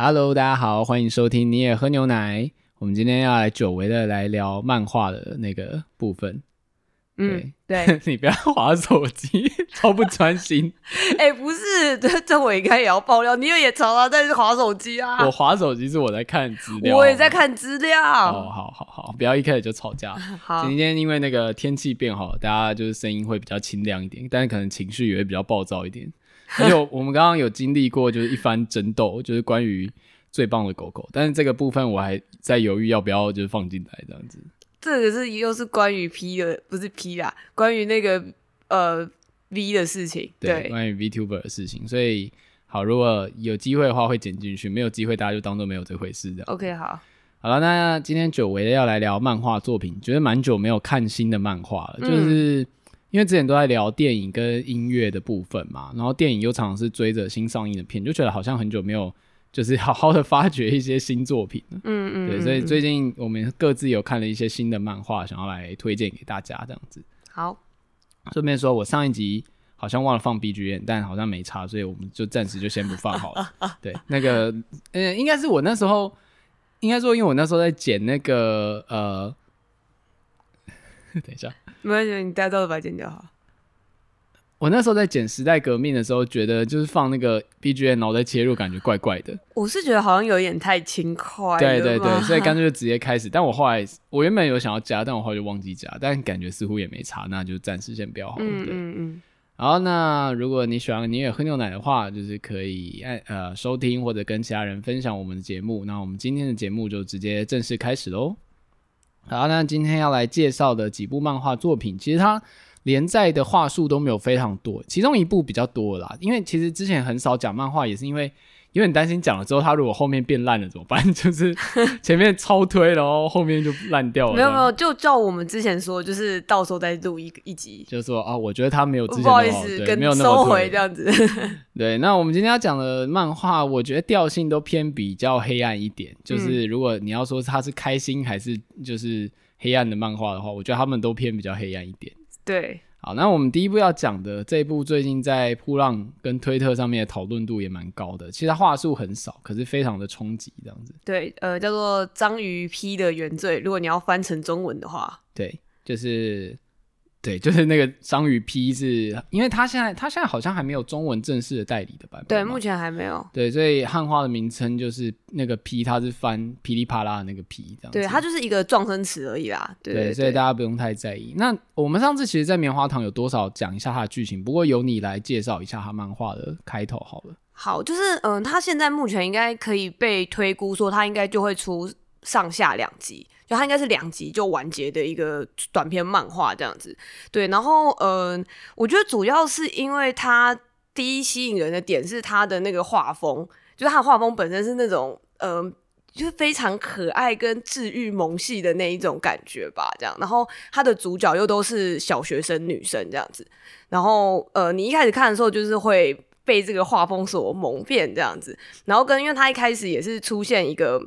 Hello，大家好，歡迎收聽尼爾喝牛奶。我們今天要來久違的來聊漫畫的那個部分。嗯，對，對 你不要滑手機，超不專心。哎、 欸，不是，這我應該也要爆料。你也常常在滑手機啊。滑啊，我滑手機是我在看資料，我也在看資料。好好好好，不要一開始就吵架。 好今天因為那個天氣變好，大家就是聲音會比較清亮一點，但是可能情緒也會比較暴躁一點。還有，我們剛剛有經歷過，就是一番爭鬥，就是關於最棒的狗狗。但是這個部分我還在猶豫要不要，就是放進來這樣子。這個是又是關於 P 的，不是 P 啦，關於那個呃 V 的事情。對，對。關於 Vtuber 的事情。所以好，如果有機會的話會剪進去，沒有機會大家就當做沒有這回事這樣。OK，好，好了，那今天久違的要來聊漫畫作品，覺得蠻久沒有看新的漫畫了，就是。嗯因為之前都在聊電影跟音樂的部分嘛，然後電影又常常是追着新上映的片，就覺得好像很久沒有就是好好的發掘一些新作品。嗯，嗯嗯，對，所以最近我們各自有看了一些新的漫畫，想要來推薦給大家，這樣子。好，順便說我上一集好像忘了放 BGM，但好像沒差，所以我們就暫時就先不放好了。 對，那個，嗯、欸，應該是我那時候，應該說，因為我那時候在剪那個，呃，等一下。沒關係，你帶到的把它剪掉好，我那時候在剪時代革命的時候，覺得就是放那個 B G M 然後再切入，感覺怪怪的。 我是覺得好像有點太輕快的，對對對，所以乾脆就直接開始。但我後來，我原本有想要加，但我後來就忘記加，但感覺似乎也沒差，那就暫時先不要好。嗯嗯嗯。對。然後，那如果你喜歡你也喝牛奶的話，就是可以按呃收聽或者跟其他人分享我們的節目。那我們今天的節目就直接正式開始嘍。好，那今天要來介紹的幾部漫畫作品，其實它連載的話數都沒有非常多，其中一部比較多啦，因為其實之前很少講漫畫，也是因為。因為你擔心講了之後，他如果後面變爛了怎麼辦？就是前面超推，然後後面就爛掉了。 沒有沒有，就照我們之前說，就是到時候再錄一一集，就說啊、哦，我覺得他沒有之前不好意思，對，跟沒有收回這樣子。 對，那我們今天要講的漫畫，我覺得調性都偏比較黑暗一點。就是如果你要說他是開心還是就是黑暗的漫畫的話，我覺得他們都偏比較黑暗一點。對。好，那我們第一步要講的這一部，最近在噗浪跟推特上面討論度也蠻高的。其實它話數很少，可是非常的衝擊，這樣子。對，呃，叫做章魚 P 的原罪。如果你要翻成中文的話，對，就是。對，就是那個“章魚 P”，是因為他現在他現在好像還沒有中文正式的代理的版本，對，目前還沒有。對，所以漢化的名稱就是那個 “P”，它是翻“噼里啪啦”的那個 “P” 這樣子。對，它就是一個狀聲詞而已啦。對，對，對，對，對，所以大家不用太在意。那我們上次其實，在棉花糖有多少講一下它的劇情？不過由你來介紹一下他漫畫的開頭好了。好，就是嗯、呃，他現在目前應該可以被推估說，他應該就會出上下兩集。就它應該是兩集就完結的一個短篇漫畫這樣子，對。然後，嗯、呃，我覺得主要是因為它第一吸引人的點是它的那個畫風，就是它的畫風本身是那種，嗯、呃，就是非常可愛跟治癒萌系的那一種感覺吧，這樣。然後它的主角又都是小學生女生這樣子，然後，呃，你一開始看的時候就是會被這個畫風所蒙騙這樣子，然後跟因為他一開始也是出現一個。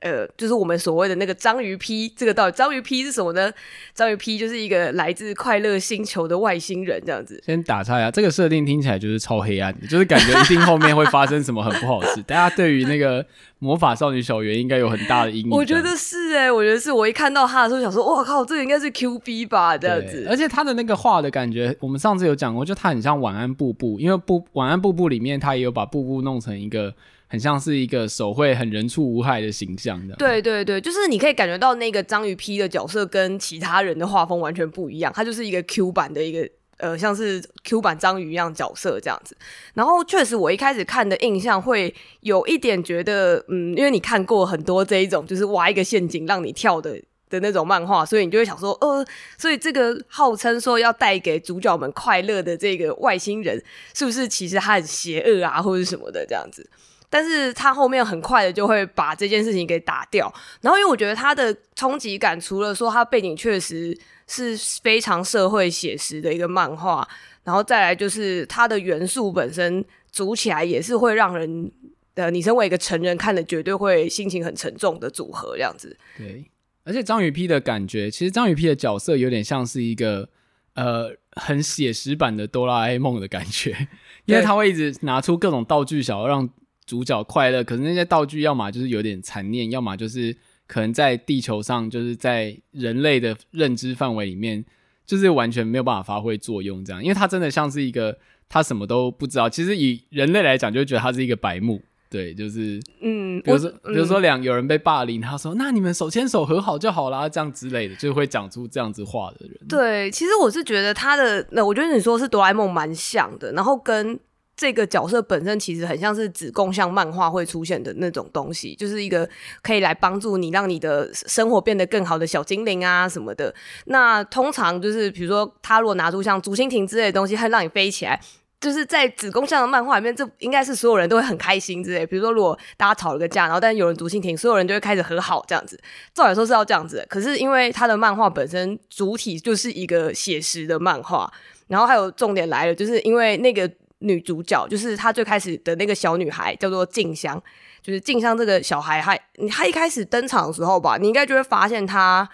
呃，就是我們所謂的那個章魚 P，這個到底，章魚 P 是什麼呢？章魚 P 就是一個來自快樂星球的外星人，這樣子。先打岔呀、啊，這個設定聽起來就是超黑暗，就是感覺一定後面會發生什麼很不好的事。 大家對於那個魔法少女小圓應該有很大的陰影。我覺得是誒、欸，我覺得是我一看到他的時候想說，哇靠，這個應該是 QB 吧，這樣子。而且他的那個畫的感覺，我們上次有講過，就他很像晚安布布，因為布晚安布布裡面他也有把布布弄成一個。很像是一個手繪很人畜無害的形象的，對對對，就是你可以感覺到那個章魚 P 的角色跟其他人的畫風完全不一樣，它就是一個 Q 版的一個呃，像是 Q 版章魚一樣角色這樣子。然後確實，我一開始看的印象會有一點覺得，嗯，因為你看過很多這一種就是挖一個陷阱讓你跳的的那種漫畫，所以你就會想說，呃，所以這個號稱說要帶給主角們快樂的這個外星人，是不是其實他很邪惡啊，或者什麼的這樣子。但是他後面很快的就會把這件事情給打掉，然後因為我覺得他的衝擊感，除了說他背景確實是非常社會寫實的一個漫畫，然後再來就是他的元素本身組起來也是會讓人，呃，你身為一個成人看的絕對會心情很沉重的組合這樣子。對，而且張雨 P 的感覺，其實張雨 P 的角色有點像是一個呃很寫實版的哆啦 A 夢的感覺，因為他會一直拿出各種道具小讓。主角快樂，可是那些道具要麼就是有點殘念，要麼就是可能在地球上，就是在人類的認知範圍裡面，就是完全沒有辦法發揮作用。這樣，因為它真的像是一個，它什麼都不知道。其實以人類來講，就會覺得它是一個白目。對，就是嗯，比如說我比如說兩有人被霸凌，他說：“嗯、那你們手牽手和好就好啦，這樣之類的，就會講出這樣子話的人。對，其實我是覺得他的，那、嗯、我覺得你說是哆啦 A 夢蠻像的，然後跟。這個角色本身其實很像是子供向漫畫會出現的那種東西，就是一個可以來幫助你讓你的生活變得更好的小精靈啊什麼的。那通常就是比如說，他如果拿出像竹蜻蜓之類的東西，還讓你飛起來，就是在子供向的漫畫裡面，這應該是所有人都會很開心之類。比如說，如果大家吵了個架，然後但是有人竹蜻蜓，所有人就會開始和好這樣子。照理說是要這樣子的，可是因為他的漫畫本身主體就是一個寫實的漫畫，然後還有重點來了，就是因為那個。女主角就是她最開始的那個小女孩，叫做靜香。就是靜香這個小孩，她她一開始登場的時候吧，你應該就會發現她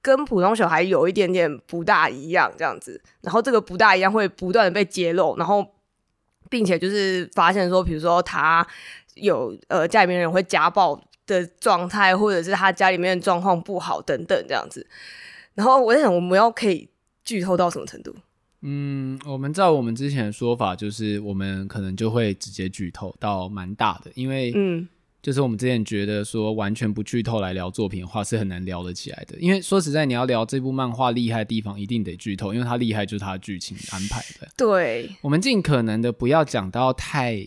跟普通小孩有一點點不大一樣這樣子。然後這個不大一樣會不斷的被揭露，然後並且就是發現說，比如說她有呃家裡面人會家暴的狀態，或者是她家裡面的狀況不好等等這樣子。然後我在想，我們要可以劇透到什麼程度？嗯，我們照我們之前的說法，就是我們可能就會直接劇透到蠻大的，因為嗯，就是我們之前覺得說完全不劇透來聊作品的話是很難聊得起來的，因為說實在，你要聊這部漫畫厲害的地方，一定得劇透，因為它厲害就是它劇情安排的。對，我們盡可能的不要講到太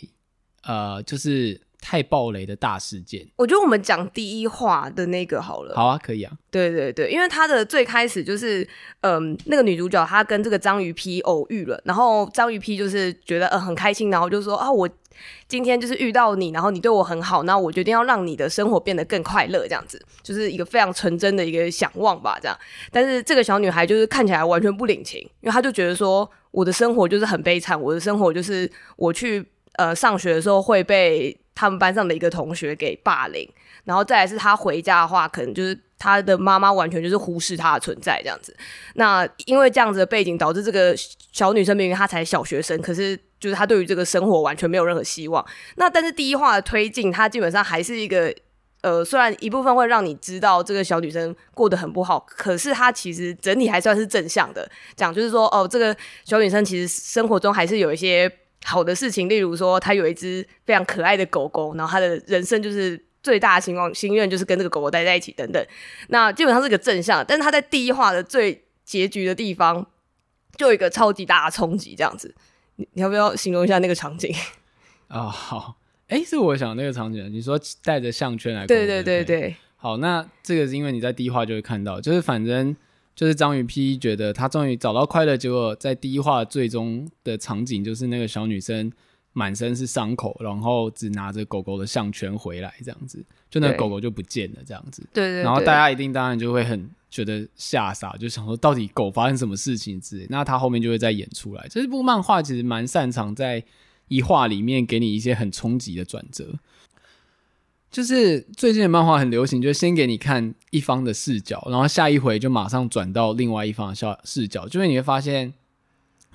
呃，就是。太暴雷的大事件，我覺得我們講第一話的那個好了。好啊，可以啊。對對對，因為他的最開始就是，嗯，那個女主角她跟這個章魚 P 偶、哦、遇了，然後章魚 P 就是覺得呃很開心，然後就說啊，我今天就是遇到你，然後你對我很好，那我決定要讓你的生活變得更快樂，這樣子就是一個非常純真的一個想望吧，這樣。但是這個小女孩就是看起來完全不領情，因為她就覺得說我的生活就是很悲慘，我的生活就是我去呃上學的時候會被。他們班上的一個同學給霸凌，然後再來是她回家的話，可能就是她的媽媽完全就是忽視她的存在這樣子。那因為這樣子的背景，導致這個小女生明明她才小學生，可是就是她對於這個生活完全沒有任何希望。那但是第一話的推進，她基本上還是一個呃，雖然一部分會讓你知道這個小女生過得很不好，可是她其實整體還算是正向的講，就是說哦，這個小女生其實生活中還是有一些。好的事情，例如說他有一隻非常可愛的狗狗，然後他的人生就是最大的希望心願，就是跟這個狗狗待在一起等等。那基本上是一個正向，但是他在第一話的最結局的地方，就有一個超級大的衝擊，這樣子。你你要不要形容一下那個場景？啊、哦，好，哎、欸，是我想的那個場景，你說帶着項圈來看，對對對對，好，那這個是因為你在第一話就會看到，就是反正。就是章魚 P 覺得他終於找到快樂，結果在第一話最終的場景就是那個小女生滿身是傷口，然後只拿着狗狗的項圈回來，這樣子，就那個狗狗就不見了，這樣子。對對。然後大家一定當然就會很覺得嚇傻，就想說到底狗發生什麼事情之類。那他後面就會再演出來。這部漫畫其實蠻擅長在一話裡面給你一些很衝擊的轉折。就是最近的漫畫很流行，就是先給你看一方的視角，然後下一回就馬上轉到另外一方的小視角。就是你會發現，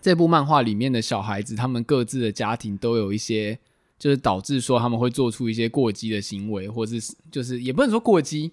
這部漫畫裡面的小孩子，他們各自的家庭都有一些，就是導致說他們會做出一些過激的行為，或者是就是也不能說過激，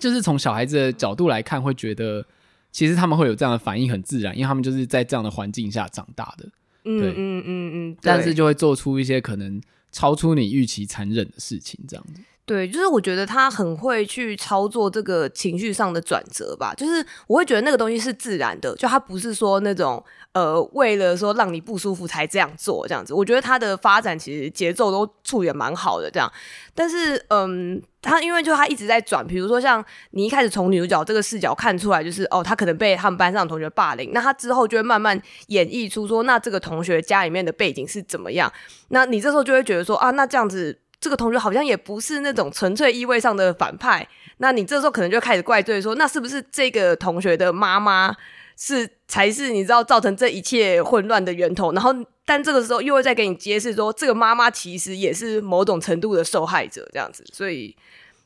就是從小孩子的角度來看，會覺得其實他們會有這樣的反應很自然，因為他們就是在這樣的環境下長大的。對。嗯嗯嗯嗯。嗯嗯，但是就會做出一些可能。超出你預期殘忍的事情，這樣子。對，就是我覺得他很會去操作這個情緒上的轉折吧，就是我會覺得那個東西是自然的，就他不是說那種呃為了說讓你不舒服才這樣做這樣子。我覺得他的發展其實節奏都處理蠻好的這樣，但是嗯，他因為就他一直在轉，比如說像你一開始從女主角這個視角看出來就是哦，他可能被他們班上的同學霸凌，那他之後就會慢慢演繹出說那這個同學家裡面的背景是怎麼樣，那你這時候就會覺得說啊，那這樣子。這個同學好像也不是那種純粹意味上的反派，那你這時候可能就開始怪罪說，那是不是這個同學的媽媽是才是你知道造成這一切混亂的源頭？然後，但這個時候又會再給你揭示說，這個媽媽其實也是某種程度的受害者，這樣子。所以，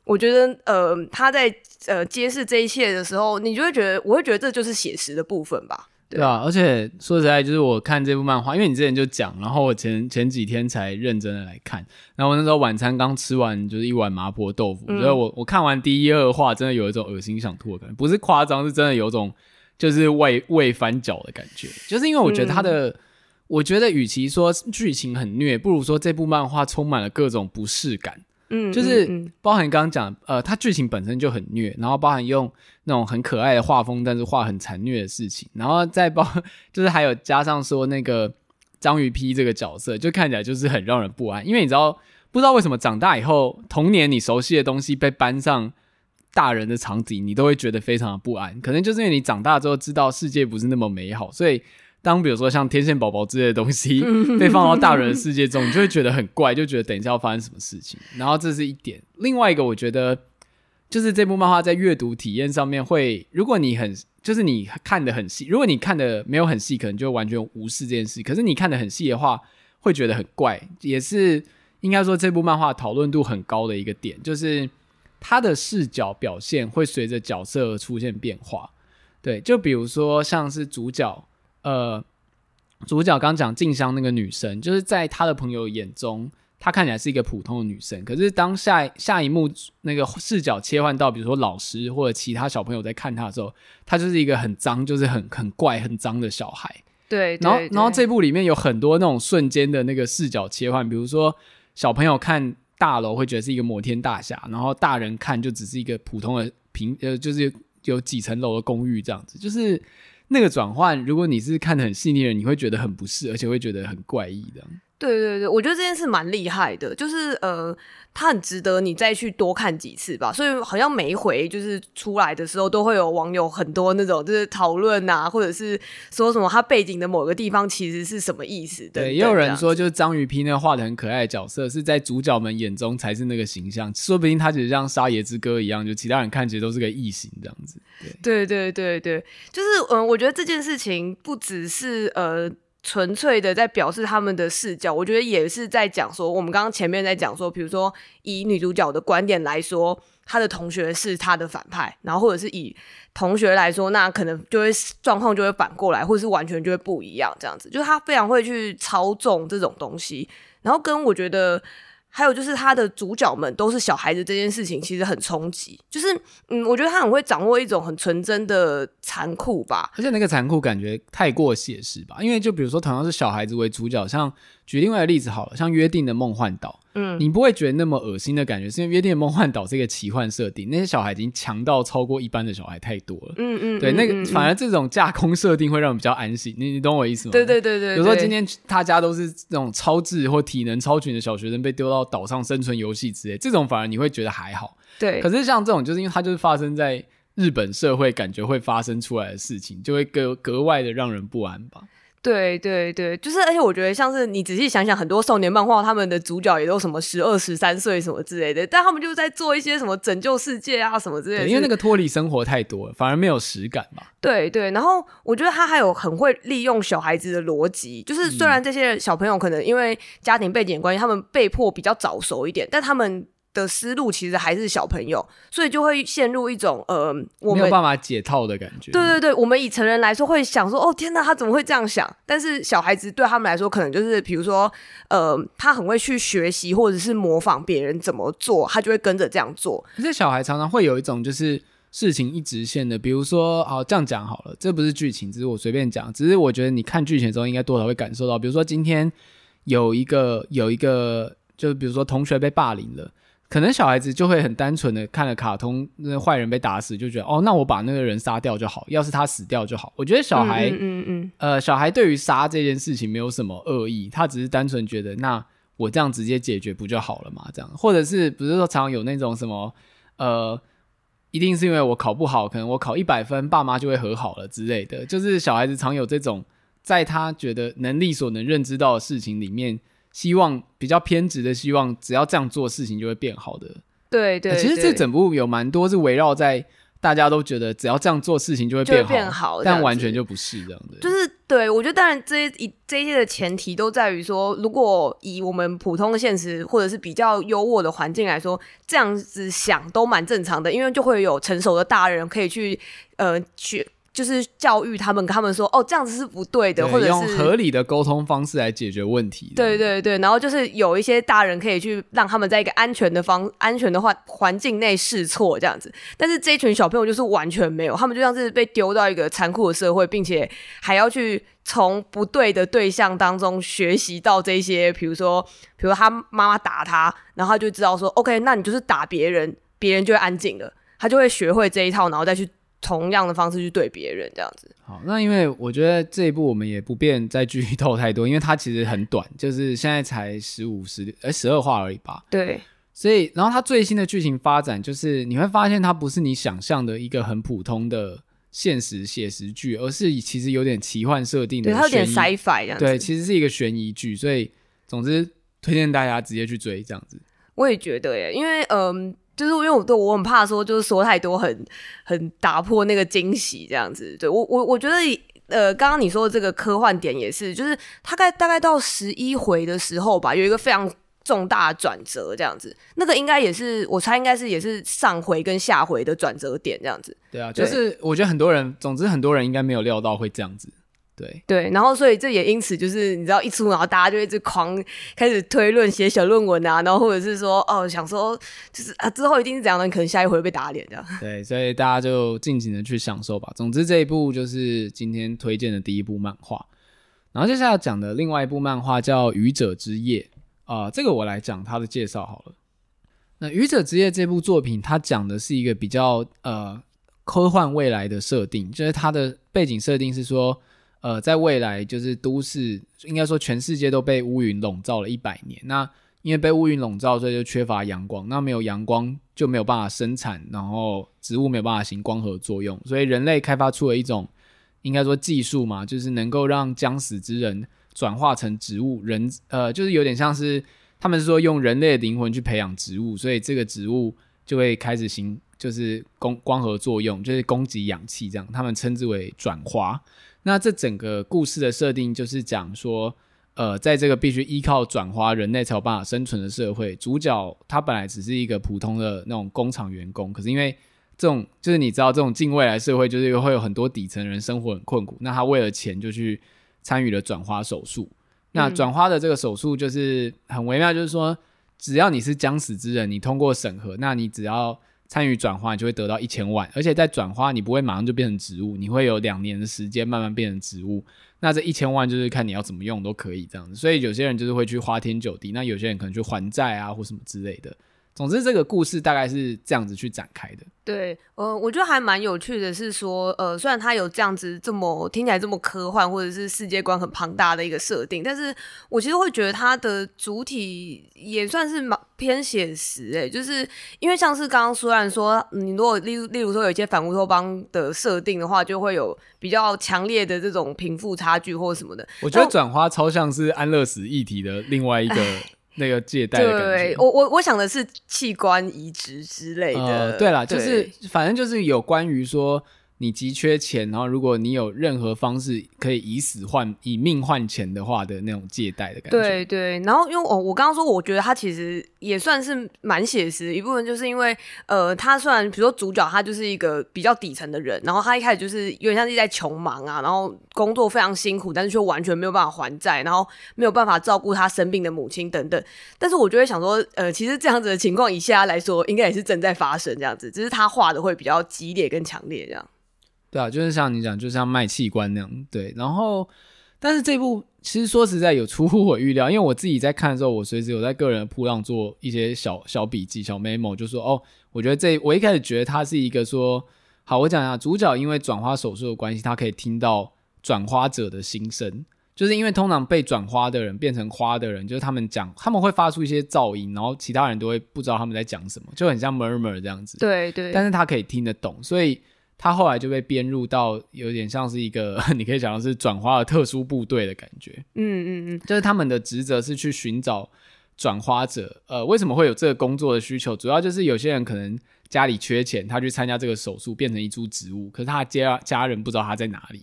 我覺得呃，他在呃揭示這一切的時候，你就會覺得，我會覺得這就是寫實的部分吧。對啊，而且說實在，就是我看這部漫畫，因為你之前就講，然後我前前幾天才認真的來看，然後我那時候晚餐剛吃完，就是一碗麻婆豆腐，覺得、嗯、我我看完第一二話，真的有一種惡心想吐的感覺，不是誇張，是真的有一種就是胃胃翻攪的感覺，就是因為我覺得他的，嗯、我覺得與其說劇情很虐，不如說這部漫畫充滿了各種不適感。嗯，就是包含剛剛講，呃，它劇情本身就很虐，然後包含用那種很可愛的畫風，但是畫很殘虐的事情，然後再包就是還有加上說那個章魚 P 這個角色，就看起來就是很讓人不安。因為你知道，不知道為什麼長大以後，童年你熟悉的東西被搬上大人的場景，你都會覺得非常的不安。可能就是因為你長大之後知道世界不是那麼美好，所以。當比如說像天線寶寶之類的東西被放到大人的世界中，你就會覺得很怪，就覺得等一下要發生什麼事情。然後這是一點。另外一個，我覺得就是這部漫畫在閱讀體驗上面會，如果你很就是你看得很細，如果你看的沒有很細，可能就完全無視這件事。可是你看得很細的話，會覺得很怪，也是應該說這部漫畫討論度很高的一個點，就是它的視角表現會隨着角色出現變化。對，就比如說像是主角。呃，主角剛剛講靜香那個女生，就是在他的朋友眼中，她看起來是一個普通的女生。可是當下下一幕那個視角切換到，比如說老師或者其他小朋友在看她的時候，她就是一個很髒，就是很很怪、很髒的小孩。對，對，對，然後然後這部裡面有很多那種瞬間的那個視角切換，比如說小朋友看大樓會覺得是一個摩天大廈，然後大人看就只是一個普通的平呃，就是有幾層樓的公寓這樣子，就是。那個轉換，如果你是看得很細膩的人，你會覺得很不適，而且會覺得很怪異的。對對對，我覺得這件事蠻厲害的，就是呃。他很值得你再去多看幾次吧，所以好像每一回就是出來的時候，都會有網友很多那種就是討論啊，或者是說什麼他背景的某個地方其實是什麼意思等等。對，也有人說就是章魚 P 那畫得很可愛的角色是在主角們眼中才是那個形象，說不定他只是像沙耶之歌一樣，就其他人看起來都是個異形這樣子。對，對，對，對，對，就是嗯，我覺得這件事情不只是呃。純粹的在表示他們的視角，我覺得也是在講說，我們剛剛前面在講說，比如說以女主角的觀點來說，她的同學是她的反派，然後或者是以同學來說，那可能就會狀況就會反過來，或者是完全就會不一樣這樣子，就是他非常會去操縱這種東西，然後跟我覺得。還有就是他的主角們都是小孩子這件事情，其實很衝擊。就是，嗯，我覺得他很會掌握一種很純真的殘酷吧。而且那個殘酷感覺太過寫實吧。因為就比如說同樣是小孩子為主角，像舉另外一個例子好了，像《約定的夢幻島》。嗯，你不會覺得那麼噁心的感覺，是因為《約定夢幻島》這個奇幻設定，那些小孩已經強到超過一般的小孩太多了。嗯嗯，嗯對，那個反而這種架空設定會讓人比較安心。你你懂我意思嗎？對對對對。有時候今天他家都是那種超智或體能超群的小學生被丟到島上生存遊戲之類，這種反而你會覺得還好。對。可是像這種，就是因為它就是發生在日本社會，感覺會發生出來的事情，就會格格外的讓人不安吧。對對對，就是，而且我覺得像是你仔細想想，很多少年漫畫他們的主角也都什麼十二十三歲什麼之類的，但他們就在做一些什麼拯救世界啊什麼之類的。對是因為那個脫離生活太多了，反而沒有實感嘛。對對，然後我覺得他還有很會利用小孩子的邏輯，就是雖然這些小朋友可能因為家庭背景關係，他們被迫比較早熟一點，但他們。的思路其實還是小朋友，所以就會陷入一種呃，我沒有辦法解套的感覺。對對對，我們以成人來說會想說，哦，天哪，他怎麼會這樣想？但是小孩子對他們來說，可能就是比如說，呃，他很會去學習或者是模仿別人怎麼做，他就會跟着這樣做。可是小孩常常會有一種就是事情一直綫的，比如說，好這樣講好了，這不是劇情，只是我隨便講，只是我覺得你看劇情的時候應該多少會感受到，比如說今天有一個有一個，就是比如說同學被霸凌了。可能小孩子就會很單純的看了卡通，那壞人被打死就覺得哦，那我把那個人殺掉就好，要是他死掉就好。我覺得小孩，嗯嗯嗯嗯呃，小孩對於殺這件事情沒有什麼惡意，他只是單純覺得，那我這樣直接解決不就好了嘛？這樣或者是不是說常有那種什麼，呃，一定是因為我考不好，可能我考一百分，爸媽就會和好了之類的，就是小孩子常有這種，在他覺得能力所能認知到的事情裡面。希望比較偏執的希望，只要這樣做事情就會變好的。對，對對，其實這整部有蠻多是圍繞在大家都覺得只要這樣做事情就會變好，就會變好這樣，但完全就不是這樣的。就是，對，我覺得，當然這一這一些的前提都在於說，如果以我們普通的現實或者是比較優渥的環境來說，這樣子想都蠻正常的，因為就會有成熟的大人可以去呃去。就是教育他們，他們說哦，這樣子是不對的，對，或者是用合理的溝通方式來解決問題。對對對，然後就是有一些大人可以去讓他們在一個安全的方、安全的環環境內試錯這樣子。但是這一群小朋友就是完全沒有，他們就像是被丟到一個殘酷的社會，並且還要去從不對的對象當中學習到這些，比如說，比如他媽媽打他，然後他就知道說，OK，那你就是打別人，別人就會安靜了，他就會學會這一套，然後再去。同樣的方式去對別人，這樣子。好，那因為我覺得這一部我們也不便再劇透太多，因為它其實很短，就是現在才 15, 十五十哎十二話而已吧。對。所以，然後它最新的劇情發展，就是你會發現它不是你想象的一個很普通的現實寫實劇，而是其實有點奇幻設定的。對，它有一點 Sci-Fi 這樣子。對，其實是一個懸疑劇，所以總之推薦大家直接去追這樣子。我也覺得耶，因為嗯。呃就是因為我對我很怕說，就是說太多很，很很打破那個驚喜這樣子。對我我我覺得，呃，剛剛你說的這個科幻點也是，就是大概大概到十一回的時候吧，有一個非常重大轉折這樣子。那個應該也是，我猜應該是也是上回跟下回的轉折點這樣子。對啊，就是對我覺得很多人，總之很多人應該沒有料到會這樣子。對對，然後所以這也因此就是你知道一出，然後大家就一直狂開始推論、寫小論文啊，然後或者是說哦，想說就是啊，之後一定是怎樣的？可能下一回會被打臉的。對，所以大家就盡情的去享受吧。總之，這一部就是今天推薦的第一部漫畫，然後接下來要講的另外一部漫畫叫《愚者之夜》啊，呃，這個我來講它的介紹好了。那《愚者之夜》這部作品，它講的是一個比較呃科幻未來的設定，就是它的背景設定是說。呃，在未來就是都市，應該說全世界都被烏雲籠罩了一百年。那因為被烏雲籠罩，所以就缺乏陽光。那沒有陽光就沒有辦法生產，然後植物沒有辦法行光合作用，所以人類開發出了一種，應該說技術嘛，就是能夠讓將死之人轉化成植物人，呃，就是有點像是他們是說用人類的靈魂去培養植物，所以這個植物就會開始行就是光光合作用，就是供給氧氣這樣，他們稱之為轉化。那這整個故事的設定就是講說，呃，在這個必須依靠轉化人類才有辦法生存的社會，主角他本來只是一個普通的那種工廠員工，可是因為這種就是你知道這種近未來社會，就是會有很多底層人生活很困苦，那他為了錢就去參與了轉化手術。嗯、那轉化的這個手術就是很微妙，就是說只要你是將死之人，你通過審核，那你只要。參與轉化你就會得到一千萬，而且在轉化你不會馬上就變成植物，你會有兩年的時間慢慢變成植物。那這一千萬就是看你要怎麼用都可以這樣子，所以有些人就是會去花天酒地，那有些人可能去還債啊或什麼之類的。總之，這個故事大概是這樣子去展開的。對，呃，我覺得還蠻有趣的是說，呃，雖然它有這樣子這麼聽起來這麼科幻，或者是世界觀很龐大的一個設定，但是我其實會覺得它的主體也算是蠻偏寫實誒、欸。就是因為像是剛剛雖然說，你、嗯、如果例例如說有一些反烏托邦的設定的話，就會有比較強烈的這種貧富差距或者什麼的。我覺得轉化超像是安樂死議題的另外一個。那個借貸的感覺，對對對，我我我想的是器官移植之類的。呃，對啦，對，就是反正就是有關於說你急缺錢，然後如果你有任何方式可以以死換，以命換錢的話的那種借貸的感覺。對，對對，然後因為我我剛剛說，我覺得他其實。也算是蠻寫實的，一部分就是因為，呃，他雖然比如說主角他就是一個比較底層的人，然後他一開始就是有點像是在窮忙啊，然後工作非常辛苦，但是卻完全沒有辦法還債，然後沒有辦法照顧他生病的母親等等。但是我就會想說，呃，其實這樣子的情況以下來說，應該也是正在發生這樣子，只是他畫的會比較激烈跟強烈這樣。對啊，就是像你講，就像賣器官那樣，對，然後。但是這部其實說實在有出乎我預料，因為我自己在看的時候，我隨時有在個人的噗浪做一些小小筆記，小 memo 就說哦，我覺得這我一開始覺得他是一個說好，我講一下主角因為轉花手術的關係，他可以聽到轉花者的心聲，就是因為通常被轉花的人變成花的人，就是他們講他們會發出一些噪音，然後其他人都會不知道他們在講什麼，就很像 murmur 這樣子。對對。對，但是他可以聽得懂，所以。他後來就被編入到有點像是一個，你可以講的是轉化的特殊部隊的感覺。嗯嗯嗯,就是他們的職責是去尋找轉化者。呃,為什麼會有這個工作的需求？主要就是有些人可能家裡缺錢，他去參加這個手術變成一株植物,可是他家家人不知道他在哪裡，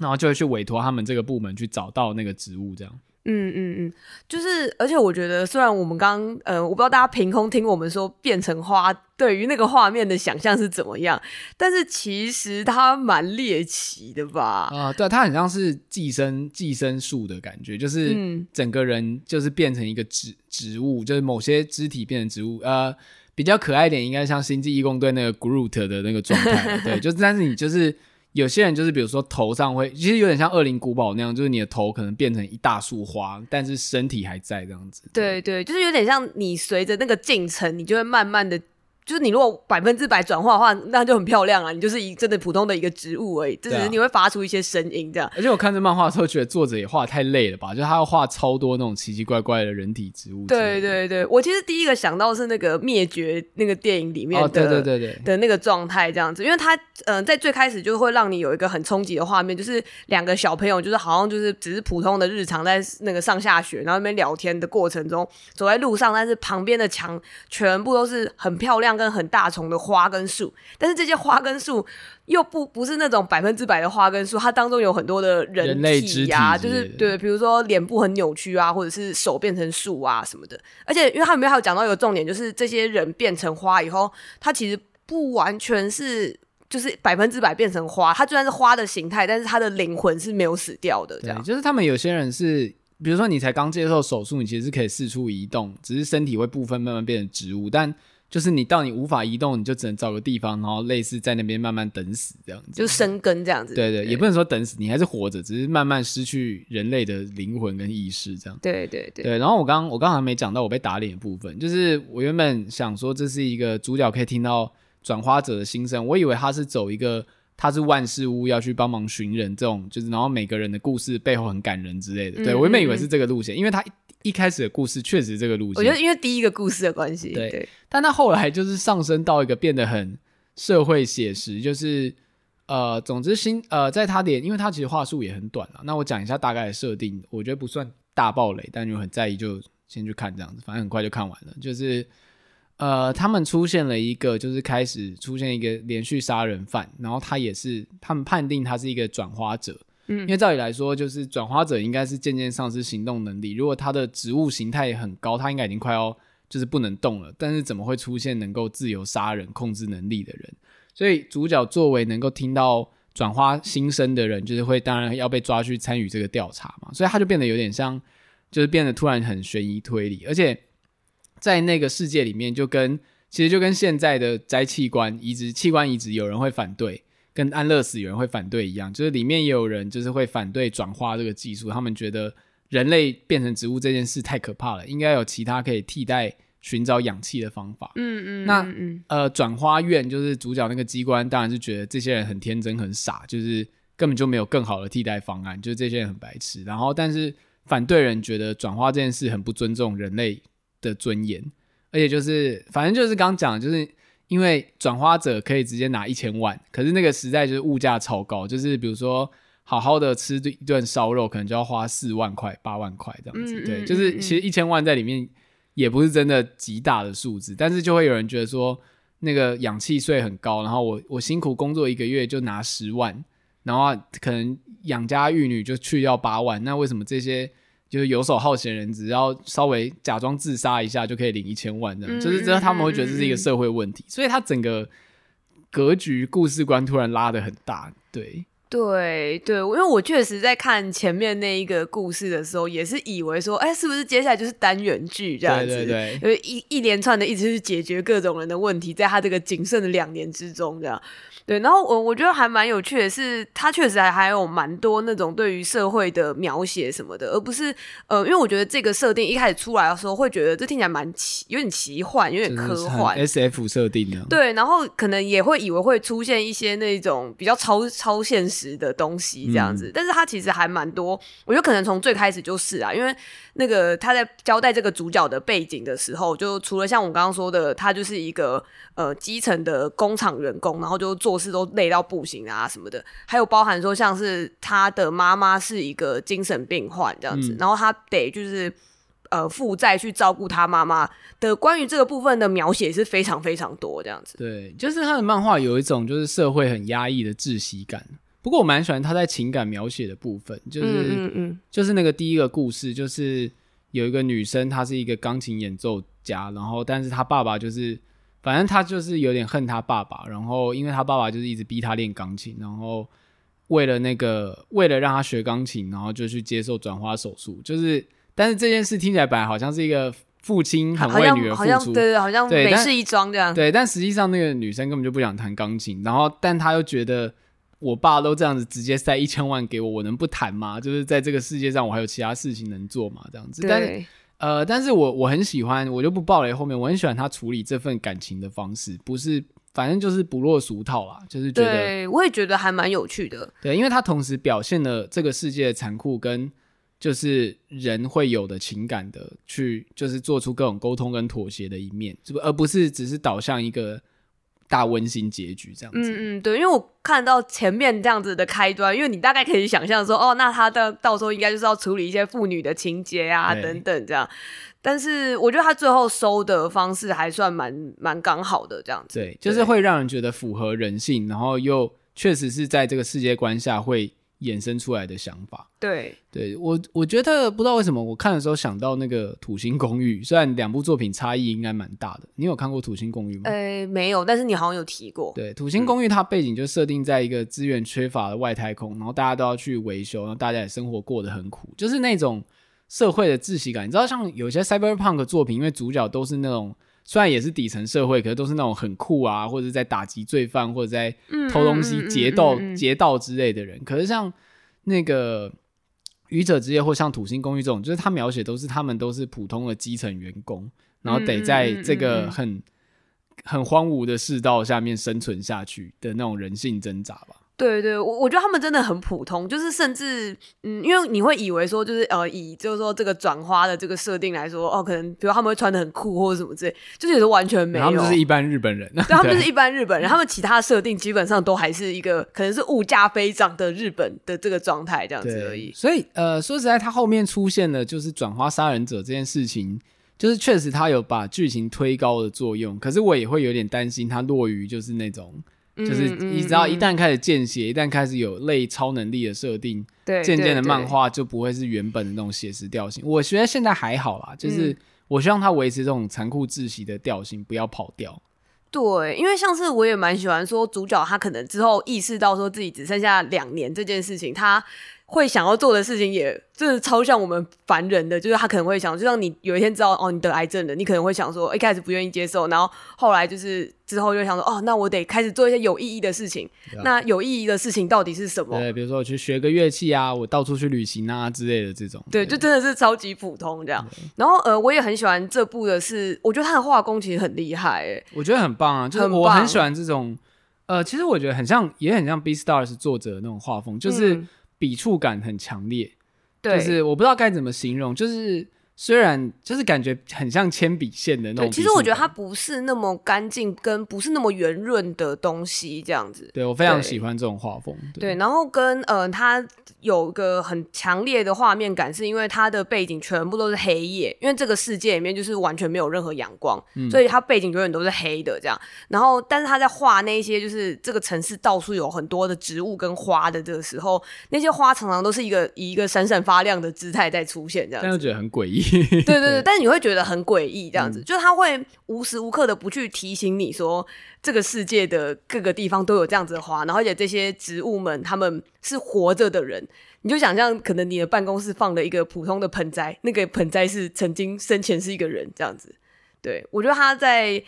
然後就會去委託他們這個部門去找到那個植物這樣。嗯嗯嗯，就是，而且我覺得，雖然我們剛，呃，我不知道大家憑空聽我們說變成花，對於那個畫面的想象是怎麼樣，但是其實它蠻獵奇的吧？啊、呃，對，它很像是寄生、寄生樹的感覺，就是整個人就是變成一個植、嗯、植物，就是某些肢體變成植物，呃，比較可愛一點，應該像星際異攻隊那個 Groot 的那個狀態， 對，就是但是你就是。有些人就是，比如說頭上會，其實有點像《惡靈古堡》那樣，就是你的頭可能變成一大束花，但是身體還在這樣子。對對,對，就是有點像你隨着那個進程，你就會慢慢的。就是你如果百分之百轉化的話，那就很漂亮啊，你就是一真的普通的一個植物而已，只，就是你會發出一些聲音這樣，啊。而且我看這漫畫的時候，覺得作者也畫得太累了吧？就他要畫超多那種奇奇怪怪的人體植物。對對對，我其實第一個想到是那個滅絕那個電影裡面的那個狀態這樣子，因為他嗯、呃，在最開始就會讓你有一個很衝擊的畫面，就是兩個小朋友就是好像就是只是普通的日常在那個上下學，然後那邊聊天的過程中走在路上，但是旁邊的牆全部都是很漂亮的。跟很大叢的花跟樹，但是這些花跟樹又不不是那種百分之百的花跟樹，它當中有很多的人體啊、人類肢體之類，就是對，比如說臉部很扭曲啊，或者是手變成樹啊什麼的。而且，因為他們沒有還有講到一個重點，就是這些人變成花以後，他其實不完全是就是百分之百變成花，它雖然是花的形態，但是他的靈魂是沒有死掉的。這樣就是他們有些人是，比如說你才剛接受手術，你其實是可以四處移動，只是身體會部分慢慢變成植物，但。就是你到你無法移動，你就只能找個地方，然後類似在那邊慢慢等死這樣子，就生根這樣子。對對，也不能說等死，你還是活着，只是慢慢失去人類的靈魂跟意識這樣。對對對。對，對，然後我剛我剛還沒講到我被打臉部分，就是我原本想說這是一個主角可以聽到轉化者的心聲，我以為他是走一個。他是萬事屋要去幫忙尋人，這種就是，然後每個人的故事背後很感人之類的。對、嗯、我原本以為是這個路線，因為他一,一開始的故事確實是這個路線。我覺得因為第一個故事的關係。對，對，但那後來就是上升到一個變得很社會寫實，就是呃，總之新呃，在他點，因為他其實話術也很短啊。那我講一下大概的設定，我覺得不算大爆雷，但你很在意就先去看這樣子，反正很快就看完了，就是。呃，他們出現了一個，就是開始出現一個連續殺人犯，然後他也是，他們判定他是一個轉化者，嗯，因為照理來說，就是轉化者應該是漸漸喪失行動能力，如果他的植物形態很高，他應該已經快要就是不能動了，但是怎麼會出現能夠自由殺人、控制能力的人？所以主角作為能夠聽到轉化心聲的人，就是會當然要被抓去參與這個調查嘛，所以他就變得有點像，就是變得突然很懸疑推理，而且。在那個世界裡面，就跟其實就跟現在的摘器官移植、器官移植有人會反對，跟安樂死有人會反對一樣，就是裡面也有人就是會反對轉化這個技術，他們覺得人類變成植物這件事太可怕了，應該有其他可以替代尋找氧氣的方法。嗯嗯。嗯那嗯呃，轉化院就是主角那個機關，當然是覺得這些人很天真、很傻，就是根本就沒有更好的替代方案，就是這些人很白痴。然後，但是反對人覺得轉化這件事很不尊重人類的尊嚴，而且就是，反正就是剛講，就是因為轉化者可以直接拿一千萬，可是那個時代就是物價超高，就是比如說好好的吃一頓燒肉，可能就要花四萬塊、八萬塊這樣子。嗯、對，就是其實一千萬在裡面也不是真的極大的數字，嗯嗯嗯、但是就會有人覺得說，那個氧氣稅很高，然後我我辛苦工作一個月就拿十萬，然後可能養家育女就去要八萬，那為什麼這些？就是游手好閒人，只要稍微假裝自殺一下，就可以領一千萬，這樣。就是真的，他們會覺得這是一個社會問題，嗯、所以他整個格局、故事觀突然拉得很大，對。對對，因為我確實在看前面那一個故事的時候，也是以為說，哎、欸，是不是接下來就是單元劇這樣子？對對對，因為一一連串的一直是解決各種人的問題，在他這個僅剩的兩年之中，這樣。對，然後我我覺得還蠻有趣的是，他確實還還有蠻多那種對於社會的描寫什麼的，而不是呃，因為我覺得這個設定一開始出來的時候，會覺得這聽起來蠻奇，有點奇幻，有點科幻，SF 設定的。對，然後可能也會以為會出現一些那種比較超超現實的東西這樣子，嗯、但是他其實還蠻多，我覺得可能從最開始就是啊，因為那個他在交代這個主角的背景的時候，就除了像我剛剛說的，他就是一個呃基層的工廠員工，然後就做。都是都累到不行啊，什麼的，還有包含說像是他的媽媽是一個精神病患這樣子，嗯、然後他得就是呃負債去照顧他媽媽的，關於這個部分的描寫是非常非常多這樣子。對，就是他的漫畫有一種就是社會很壓抑的窒息感。不過我蠻喜歡他在情感描寫的部分，就是嗯,嗯嗯，就是那個第一個故事，就是有一個女生，她是一個鋼琴演奏家，然後但是她爸爸就是。反正他就是有點恨他爸爸，然後因為他爸爸就是一直逼他練鋼琴，然後為了那個為了讓他學鋼琴，然後就去接受轉化手術。就是，但是這件事聽起來本來好像是一個父親很為女兒付出，對對，好像沒事一樁這樣對。對，但實際上那個女生根本就不想彈鋼琴，然後但她又覺得我爸都這樣子直接塞一千萬給我，我能不彈嗎？就是在這個世界上我還有其他事情能做嗎？這樣子，但是。呃，但是我我很喜歡，我就不暴雷後面，我很喜歡他處理這份感情的方式，不是，反正就是不落俗套啦，就是覺得，對，我也覺得還蠻有趣的，對，因為他同時表現了這個世界的殘酷跟就是人會有的情感的，去就是做出各種溝通跟妥協的一面，是不，而不是只是導向一個。大溫馨結局這樣子，嗯嗯，對，因為我看到前面這樣子的開端，因為你大概可以想象說，哦，那他的到，到時候應該就是要處理一些婦女的情節啊對等等這樣，但是我覺得他最後收的方式還算蠻蠻剛好的這樣子，對，就是會讓人覺得符合人性，對然後又確實是在這個世界觀下會。衍生出來的想法，對，對我我覺得不知道為什麼我看的時候想到那個《土星公寓》，雖然兩部作品差異應該蠻大的。你有看過《土星公寓》嗎？呃，沒有，但是你好像有提過。對，《土星公寓》，嗯，它背景就設定在一個資源缺乏的外太空，然後大家都要去維修，然後大家也生活過得很苦，就是那種社會的窒息感。你知道，像有些 cyberpunk 作品，因為主角都是那種。雖然也是底層社會，可是都是那種很酷啊，或者是在打擊罪犯，或者在偷東西、劫道，嗯、劫道之類的人。嗯嗯嗯嗯，可是像那個《愚者之夜》或像《土星公寓》這種，就是他描寫都是他們都是普通的基層員工，然後得在這個很、嗯嗯嗯、很荒蕪的世道下面生存下去的那種人性掙扎吧。對對，我我覺得他們真的很普通，就是甚至，嗯，因為你會以為說，就是呃，以就是說這個轉化的這個設定來說，哦，可能比如他們會穿得很酷或者什麼之類，就是也是完全沒有。他們就是一般日本人，對他們就是一般日本人，他們其他設定基本上都還是一個可能是物價飛漲的日本的這個狀態這樣子而已。所以，呃，說實在，他後面出現了就是轉化殺人者這件事情，就是確實他有把劇情推高的作用，可是我也會有點擔心他落於就是那種。就是你知道，一旦開始見血，嗯嗯嗯嗯，一旦開始有類超能力的設定，漸漸對的漫畫就不會是原本的那種寫實調性。對對對，我覺得現在還好啦，就是我希望他維持這種殘酷窒息的調性，嗯、不要跑掉。對，因為像是我也蠻喜歡說主角他可能之後意識到說自己只剩下兩年這件事情，他。會想要做的事情也真的超像我們凡人的，就是他可能會想，就像你有一天知道哦，你得癌症了，你可能會想說，一開始不願意接受，然後後來就是之後就會想說哦，那我得開始做一些有意義的事情。Yeah. 那有意義的事情到底是什麼？對，對，比如說我去學個樂器啊，我到處去旅行啊之類的這種。對，就真的是超級普通這樣。對然後呃，我也很喜歡這部的是，我覺得他的畫工其實很厲害，哎，我覺得很棒啊，就是我很喜歡這種。棒呃，其實我覺得很像，也很像 BEASTARS 作者的那種畫風，就是。嗯筆觸感很強烈，對就是我不知道該怎麼形容，就是。雖然就是感覺很像鉛筆線的那種，其實我覺得它不是那麼乾淨，跟不是那麼圓潤的東西這樣子。對，我非常喜歡這種畫風，對，然後跟呃，它有一個很強烈的畫面感，是因為它的背景全部都是黑夜，因為這個世界裡面就是完全沒有任何陽光，所以它背景永遠都是黑的這樣。嗯、然後，但是他在畫那些就是這個城市到處有很多的植物跟花的這個時候，那些花常常都是一個以一個閃閃發亮的姿態在出現這樣，但是我覺得很詭異。 對對對，但是你會覺得很詭異，這樣子，嗯，就是他會無時無刻的不去提醒你說，這個世界的各個地方都有這樣子的花，然後而且這些植物們他們是活着的人，你就想象，可能你的辦公室放了一個普通的盆栽，那個盆栽是曾經生前是一個人這樣子。對，我覺得他在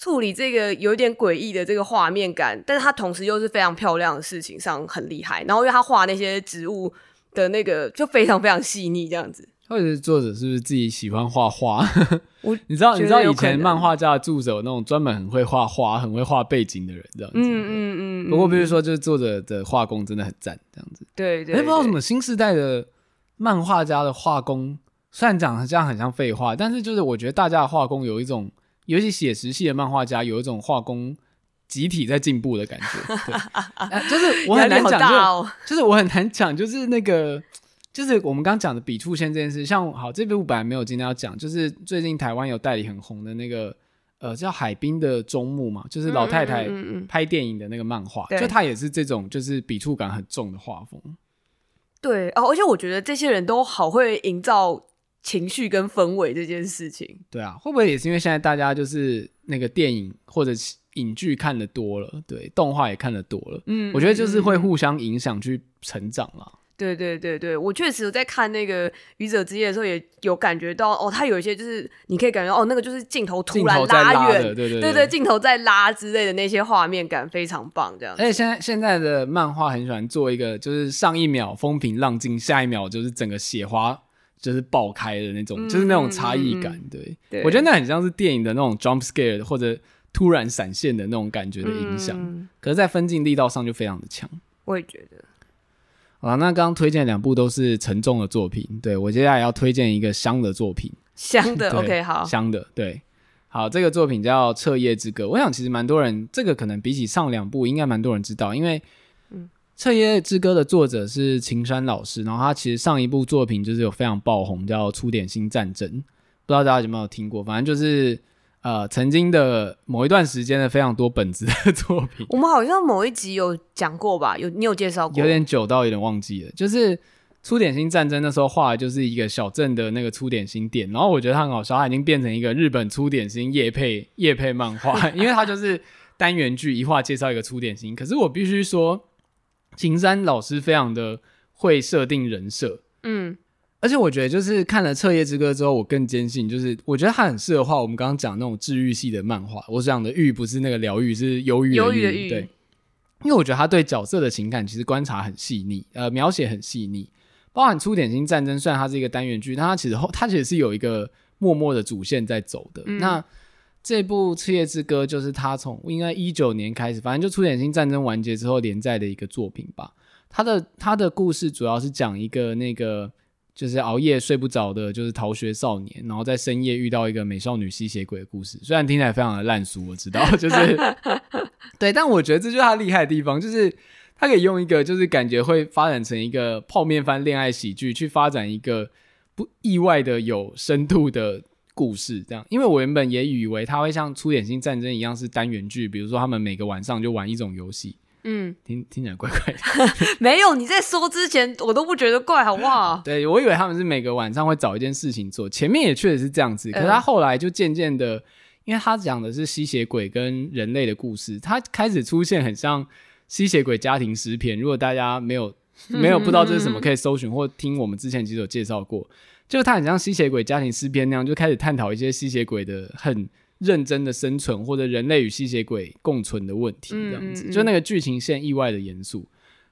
處理這個有一點詭異的這個畫面感，但是他同時又是非常漂亮的事情上很厲害，然後因為他畫那些植物的那個就非常非常細膩這樣子。或者是作者是不是自己喜歡畫畫？ 你知道你知道以前漫畫家的助手有那種專門很會畫畫、很會畫背景的人這樣子。嗯嗯嗯。嗯嗯不過比如說，就是作者的畫工真的很讚，這樣子。對對，對、欸。不知道什麼新世代的漫畫家的畫工，雖然講這樣很像廢話，但是就是我覺得大家的畫工有一種，尤其寫實系的漫畫家有一種畫工集體在進步的感覺 對、啊。就是我很難講、哦，就是我很難講，就是那個。就是我們剛剛講的筆觸線這件事，像好這部本來沒有今天要講，就是最近台灣有代理很紅的那個，呃，叫海波的終幕嘛，就是老太太拍電影的那個漫畫，嗯嗯嗯嗯，就他也是這種就是筆觸感很重的畫風。對哦、啊，而且我覺得這些人都好會營造情緒跟氛圍這件事情。對啊，會不會也是因為現在大家就是那個電影或者影劇看得多了，對，動畫也看得多了，嗯，嗯，嗯，我覺得就是會互相影響去成長啦。對對對對，我確實有在看那個《愚者之夜》的時候，也有感覺到哦，他有一些就是你可以感覺到哦，那個就是鏡頭突然拉遠，拉對對對，對，對鏡頭在拉之類的那些畫面感非常棒。這樣子，而且現在現在的漫畫很喜歡做一個，就是上一秒風平浪靜，下一秒就是整個血花就是爆開的那種，嗯、就是那種差異感。嗯、對，對我覺得那很像是電影的那種 jump scare 或者突然閃現的那種感覺的影響。嗯、可是在分鏡力道上就非常的強。我也覺得。好啊，那剛推薦兩部都是沉重的作品，對，我接下來要推薦一個香的作品，香的 對 OK 好，香的對，好，這個作品叫《徹夜之歌》，我想其實蠻多人這個可能比起上兩部應該蠻多人知道，因為《徹夜之歌》的作者是秦山老師，然後他其實上一部作品就是有非常爆紅，叫《粗點心戰爭》，不知道大家有沒有聽過，反正就是。呃，曾經的某一段時間的非常多本子的作品，我們好像某一集有講過吧？有，你有介紹過？有點久到有點忘記了。就是粗點心戰爭那時候畫的就是一個小鎮的那個粗點心店，然後我覺得他很好笑，它已經變成一個日本粗點心業配業配漫畫，因為它就是單元劇，一畫介紹一個粗點心。 可是我必須說，秦山老師非常的會設定人設，嗯。而且我覺得，就是看了《徹夜之歌》之後，我更堅信，就是我覺得它很適合畫我們剛剛講那種治癒系的漫畫。我講的「癒」不是那個療癒，是憂鬱的「鬱」。對，因為我覺得他對角色的情感其實觀察很細膩，呃，描寫很細膩。包含《初點心戰爭》，雖然它是一個單元劇，但它其實它其實是有一個默默的主線在走的。嗯、那這部《徹夜之歌》就是他從應該一九年開始，反正就《初點心戰爭》完結之後連載的一個作品吧。他的他的故事主要是講一個那個。就是熬夜睡不着的，就是逃學少年，然後在深夜遇到一個美少女吸血鬼的故事。雖然聽起來非常的爛俗，我知道，就是 對，但我覺得這就是他厲害的地方，就是他可以用一個就是感覺會發展成一個泡麵番戀愛喜劇去發展一個不意外的有深度的故事。這樣，因為我原本也以為他會像《粗點心戰爭》一樣是單元劇，比如說他們每個晚上就玩一種遊戲。嗯聽，聽聽起來怪怪的。 沒有，你在說之前，我都不覺得怪，好不好？對，我以為他們是每個晚上會找一件事情做，前面也確實是這樣子。可是他後來就漸漸的，因為他講的是吸血鬼跟人類的故事，他開始出現很像吸血鬼家庭詩篇。如果大家沒有沒有不知道這是什麼，可以搜尋或聽我們之前其實有介紹過，嗯嗯嗯，就是他很像吸血鬼家庭詩篇那樣，就開始探討一些吸血鬼的恨。認真的生存，或者人類與吸血鬼共存的問題，這樣子，嗯嗯嗯，就那個劇情線意外的嚴肅。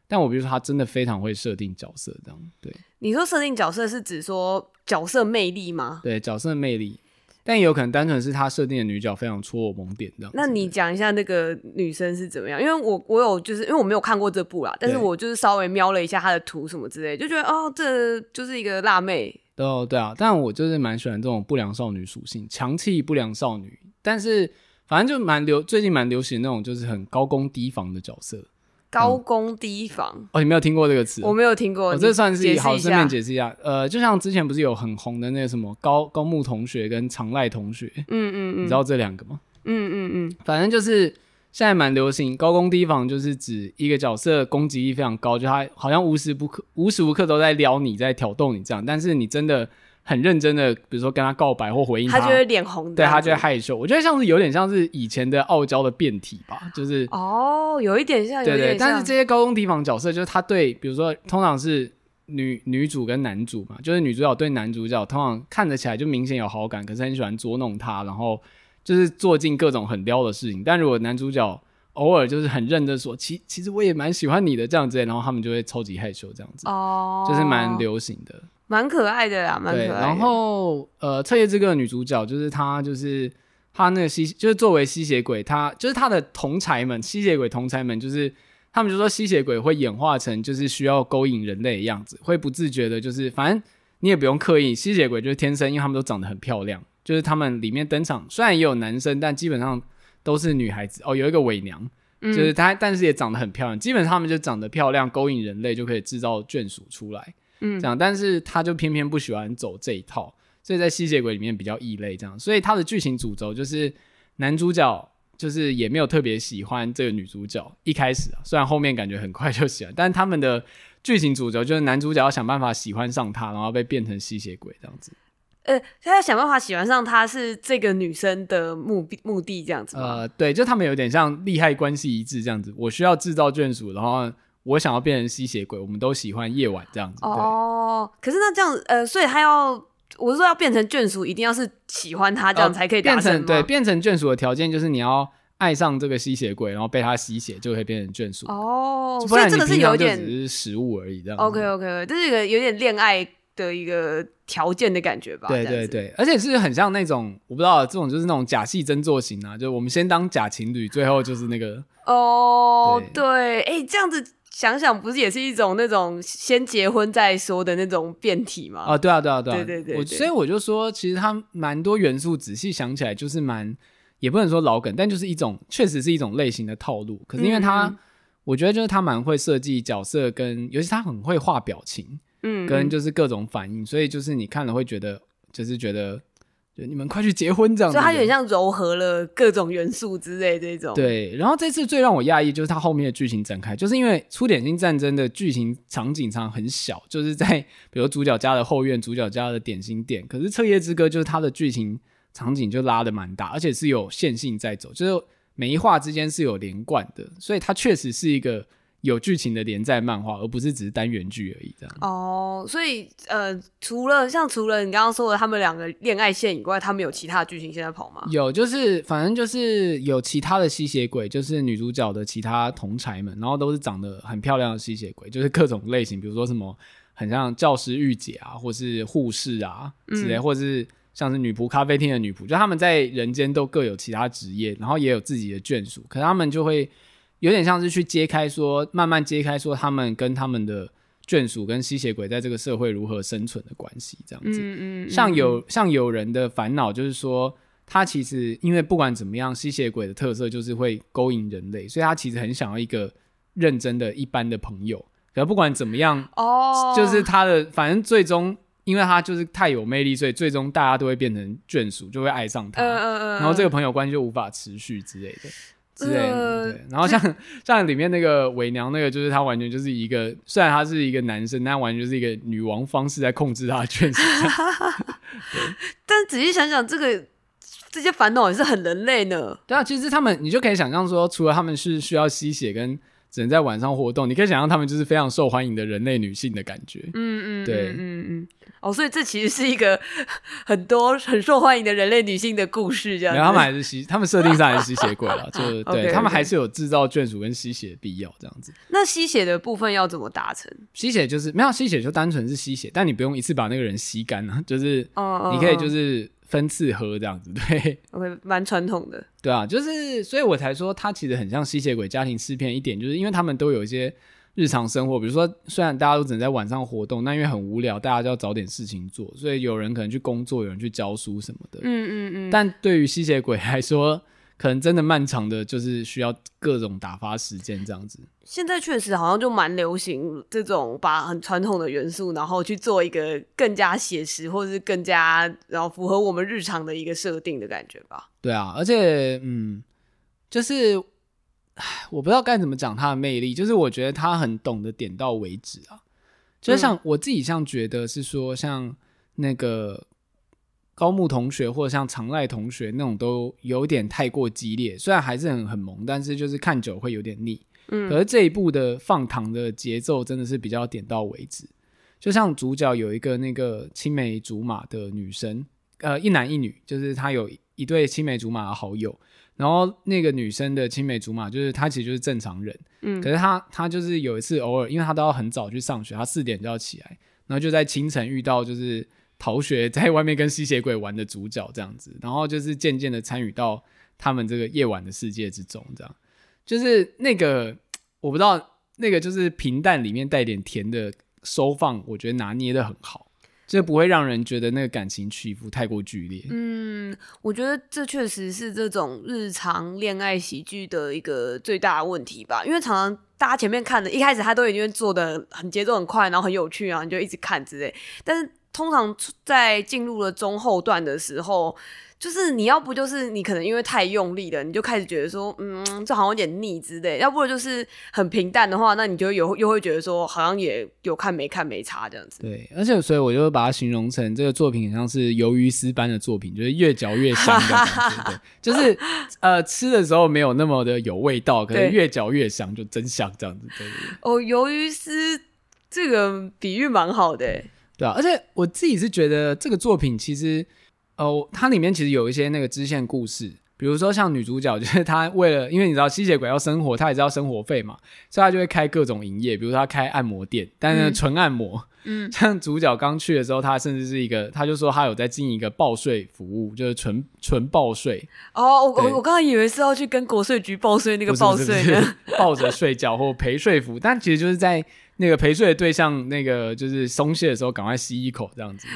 但我比如說，他真的非常會設定角色，這樣，對。你說設定角色是指說角色魅力嗎？對，角色魅力，但也有可能單純是他設定的女角非常戳我萌點，這樣。那你講一下那個女生是怎麼樣？因為我我有就是因為我沒有看過這部啦，但是我就是稍微瞄了一下她的圖什麼之類，就覺得哦，這就是一個辣妹。都、oh, 對啊，但我就是蠻喜歡這種不良少女屬性，強氣不良少女。但是反正就蠻流，最近蠻流行的那種就是很高攻低防的角色。高攻低防。嗯，哦，你沒有聽過這個詞？我沒有聽過，我，哦，這算是好，順便解釋一下。呃，就像之前不是有很紅的那個什麼高高木同學跟長賴同學，嗯嗯，嗯嗯，你知道這兩個嗎？嗯嗯嗯，嗯嗯反正就是。現在蠻流行高攻低防，就是指一個角色攻擊力非常高，就他好像無時不刻無時無刻都在撩你，在挑逗你這樣。但是你真的很認真的，比如說跟他告白或回應他，就會臉紅的，對他就會害羞。我覺得像是有點像是以前的傲嬌的變體吧，就是哦、oh,，有一點像，對，對對。但是這些高攻低防角色，就是他對，比如說通常是女女主跟男主嘛，就是女主角對男主角，通常看着起來就明顯有好感，可是很喜歡捉弄他，然後。就是做盡各種很撩的事情，但如果男主角偶爾就是很認真說，其其實我也蠻喜歡你的這樣子，然後他們就會超級害羞這樣子，哦，就是蠻流行的，蠻可愛的啦，蠻可愛的。對。然後呃，徹夜之歌的女主角就是她，就是她那個吸血，就是作為吸血鬼，她就是她的同才們，吸血鬼同才們就是他們就說吸血鬼會演化成就是需要勾引人類的樣子，會不自覺的，就是反正你也不用刻意，吸血鬼就是天生，因為他們都長得很漂亮。就是他們裡面登場，雖然也有男生，但基本上都是女孩子。哦，有一個偽娘，嗯、就是她，但是也長得很漂亮。基本上他們就長得漂亮，勾引人類就可以製造眷屬出來，嗯，這樣。但是她就偏偏不喜歡走這一套，所以在吸血鬼裡面比較異類，這樣。所以他的劇情主軸就是男主角就是也沒有特別喜歡這個女主角，一開始、啊、雖然後面感覺很快就喜歡，但他們的劇情主軸就是男主角要想辦法喜歡上她，然後被變成吸血鬼這樣子。呃，他要想辦法喜歡上她，是這個女生的目目的這樣子嗎？呃，對，就他們有點像利害關係一致這樣子。我需要製造眷屬，然後我想要變成吸血鬼，我們都喜歡夜晚這樣子。哦，對可是那這樣子，呃，所以他要我是說要變成眷屬，一定要是喜歡他這樣才可以達成嗎？、呃、變成對，變成眷屬的條件就是你要愛上這個吸血鬼，然後被他吸血就可以變成眷屬。哦，不然真的是有點就是食物而已這樣子，哦這。OK OK，就是一個有點戀愛的一個條件的感覺吧，對對對，而且是很像那種，我不知道、啊、這種就是那種假戲真做型啊，就我們先當假情侶，最後就是那個哦，oh, 對，哎、欸，這樣子想想，不是也是一種那種先結婚再說的那種變體嗎？啊、哦，對啊，啊、對啊，對，對，對，對，對，對啊。我所以我就說，其實他蠻多元素，仔細想起來就是蠻也不能說老梗，但就是一種確實是一種類型的套路。可是因為他，嗯、哼我覺得就是他蠻會設計角色跟，跟尤其他很會畫表情。嗯，跟就是各種反應，嗯嗯，所以就是你看了會覺得，就是覺得，就你們快去結婚這樣子。所以它有點像揉合了各種元素之類的這種。對，然後這次最讓我訝異就是它後面的劇情展開，就是因為粗點心戰爭的劇情場景上很小，就是在比如主角家的後院、主角家的點心店，可是徹夜之歌就是它的劇情場景就拉得蠻大，而且是有線性在走，就是每一話之間是有連貫的，所以它確實是一個。有劇情的連載漫畫，而不是只是單元劇而已，這樣。哦，oh, 所以呃，除了像除了你剛剛說的他們兩個戀愛線以外，他們有其他劇情線在跑嗎？有，就是反正就是有其他的吸血鬼，就是女主角的其他同儕們，然後都是長得很漂亮的吸血鬼，就是各種類型，比如說什麼很像教師御姐啊，或是護士啊之類，嗯、或是像是女僕咖啡廳的女僕，就他們在人間都各有其他職業，然後也有自己的眷屬，可是他們就會。有點像是去揭開，說慢慢揭開，說他們跟他們的眷屬跟吸血鬼在這個社會如何生存的關係，這樣子。像有像有人的煩惱就是說，他其實因為不管怎麼樣，吸血鬼的特色就是會勾引人類，所以他其實很想要一個認真的一般的朋友。可是不管怎麼樣，就是他的，反正最終因為他就是太有魅力，所以最終大家都會變成眷屬，就會愛上他，然後這個朋友關係就無法持續之類的。之類，對，然後像嘿像裡面那個偽娘，那個就是他完全就是一個，雖然他是一個男生，但他完全就是一個女王方式在控制他的全身。但仔細想想，這個這些煩惱也是很人類呢。對啊，其實他們你就可以想象說，除了他們是需要吸血跟。只能在晚上活動，你可以想象他們就是非常受歡迎的人類女性的感覺。嗯嗯，對，嗯嗯，哦，所以這其實是一個很多很受歡迎的人類女性的故事，這樣。然後他們還是吸，他們設定上還是吸血鬼啦， 就是對 okay, okay. 他們還是有制造眷屬跟吸血的必要，這樣子。那吸血的部分要怎麼達成吸、就是？吸血就是沒有吸血，就單純是吸血，但你不用一次把那個人吸乾啊，就是你可以就是。Oh, oh, oh, oh. 分次喝這樣子對。Okay，蠻傳統的。對啊，就是，所以我才說它其實很像吸血鬼家庭視片一點，就是因為他們都有一些日常生活，比如說雖然大家都只能在晚上活動，但因為很無聊，大家就要找點事情做，所以有人可能去工作，有人去教書什麼的。嗯嗯嗯。但對於吸血鬼來說。可能真的漫長的，就是需要各種打發時間這樣子。現在確實好像就蠻流行這種把很傳統的元素，然後去做一個更加寫實，或者是更加然後符合我們日常的一個設定的感覺吧。對啊，而且嗯，就是，我不知道該怎麼講它的魅力，就是我覺得他很懂得點到為止啊。就像我自己像覺得是說，像那個。高木同學或者像長瀨同學那種都有點太過激烈，雖然還是很很萌，但是就是看久會有點膩。嗯，可是這一部的放糖的節奏真的是比較點到為止。就像主角有一個那個青梅竹馬的女生，呃，一男一女，就是她有一對青梅竹馬的好友。然後那個女生的青梅竹馬就是她，其實就是正常人。嗯，可是她她就是有一次偶爾，因為她都要很早去上學，她四點就要起來，然後就在清晨遇到就是。逃學在外面跟吸血鬼玩的主角這樣子，然後就是漸漸的參與到他們這個夜晚的世界之中，這樣就是那個我不知道那個就是平淡裡面帶點甜的收放，我覺得拿捏得很好，就不會讓人覺得那個感情起伏太過劇烈。嗯，我覺得這確實是這種日常戀愛喜劇的一個最大的問題吧，因為常常大家前面看的一開始他都已經做得很節奏很快，然後很有趣啊，然後你就一直看之類，但是，通常在進入了中後段的時候，就是你要不就是你可能因為太用力了，你就開始覺得說，嗯，這好像有點膩之類，要不就是很平淡的話，那你就有又會覺得說，好像也有看沒看沒差這樣子。對，而且所以我就把它形容成這個作品很像是魷魚絲般的作品，就是越嚼越香的 就是呃吃的時候沒有那麼的有味道，可能越嚼越香，對就真香這樣子。對，哦，魷魚絲這個比喻蠻好的欸。對啊，而且我自己是覺得這個作品其實，哦，它裡面其實有一些那個支線故事，比如說像女主角，就是她為了，因為你知道吸血鬼要生活，她也知道生活費嘛，所以她就會開各種營業，比如說她開按摩店，但是、嗯、純按摩。嗯。像主角剛去的時候，她甚至是一個，她就說她有在經營一個報稅服務，就是純純報稅。哦，我我對我剛剛以為是要去跟國稅局報稅那個報稅，不是不是不是，抱着睡覺或陪睡服，但其實就是在。那個陪睡的對象，那個就是鬆懈的時候，趕快吸一口這樣子，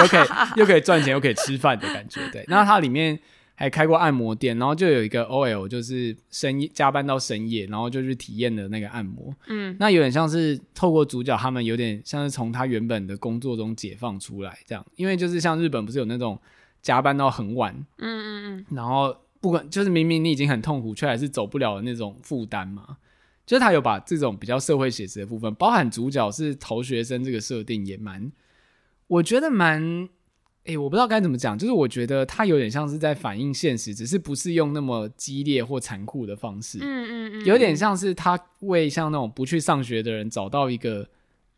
又可以又可以賺錢，又可以吃飯的感覺，對。然後它裡面還開過按摩店，然後就有一個 OL，就是深夜加班到深夜，然後就去體驗的那個按摩，嗯，那有點像是透過主角他們，有點像是從他原本的工作中解放出來這樣，因為就是像日本不是有那種加班到很晚，嗯嗯嗯，然後不管就是明明你已經很痛苦，卻還是走不了的那種負擔嘛。就是他有把這種比較社會寫實的部分，包含主角是逃學生這個設定也蠻，我覺得蠻，誒、欸，我不知道該怎麼講，就是我覺得他有點像是在反映現實，只是不是用那麼激烈或殘酷的方式，嗯嗯嗯，有點像是他為像那種不去上學的人找到一個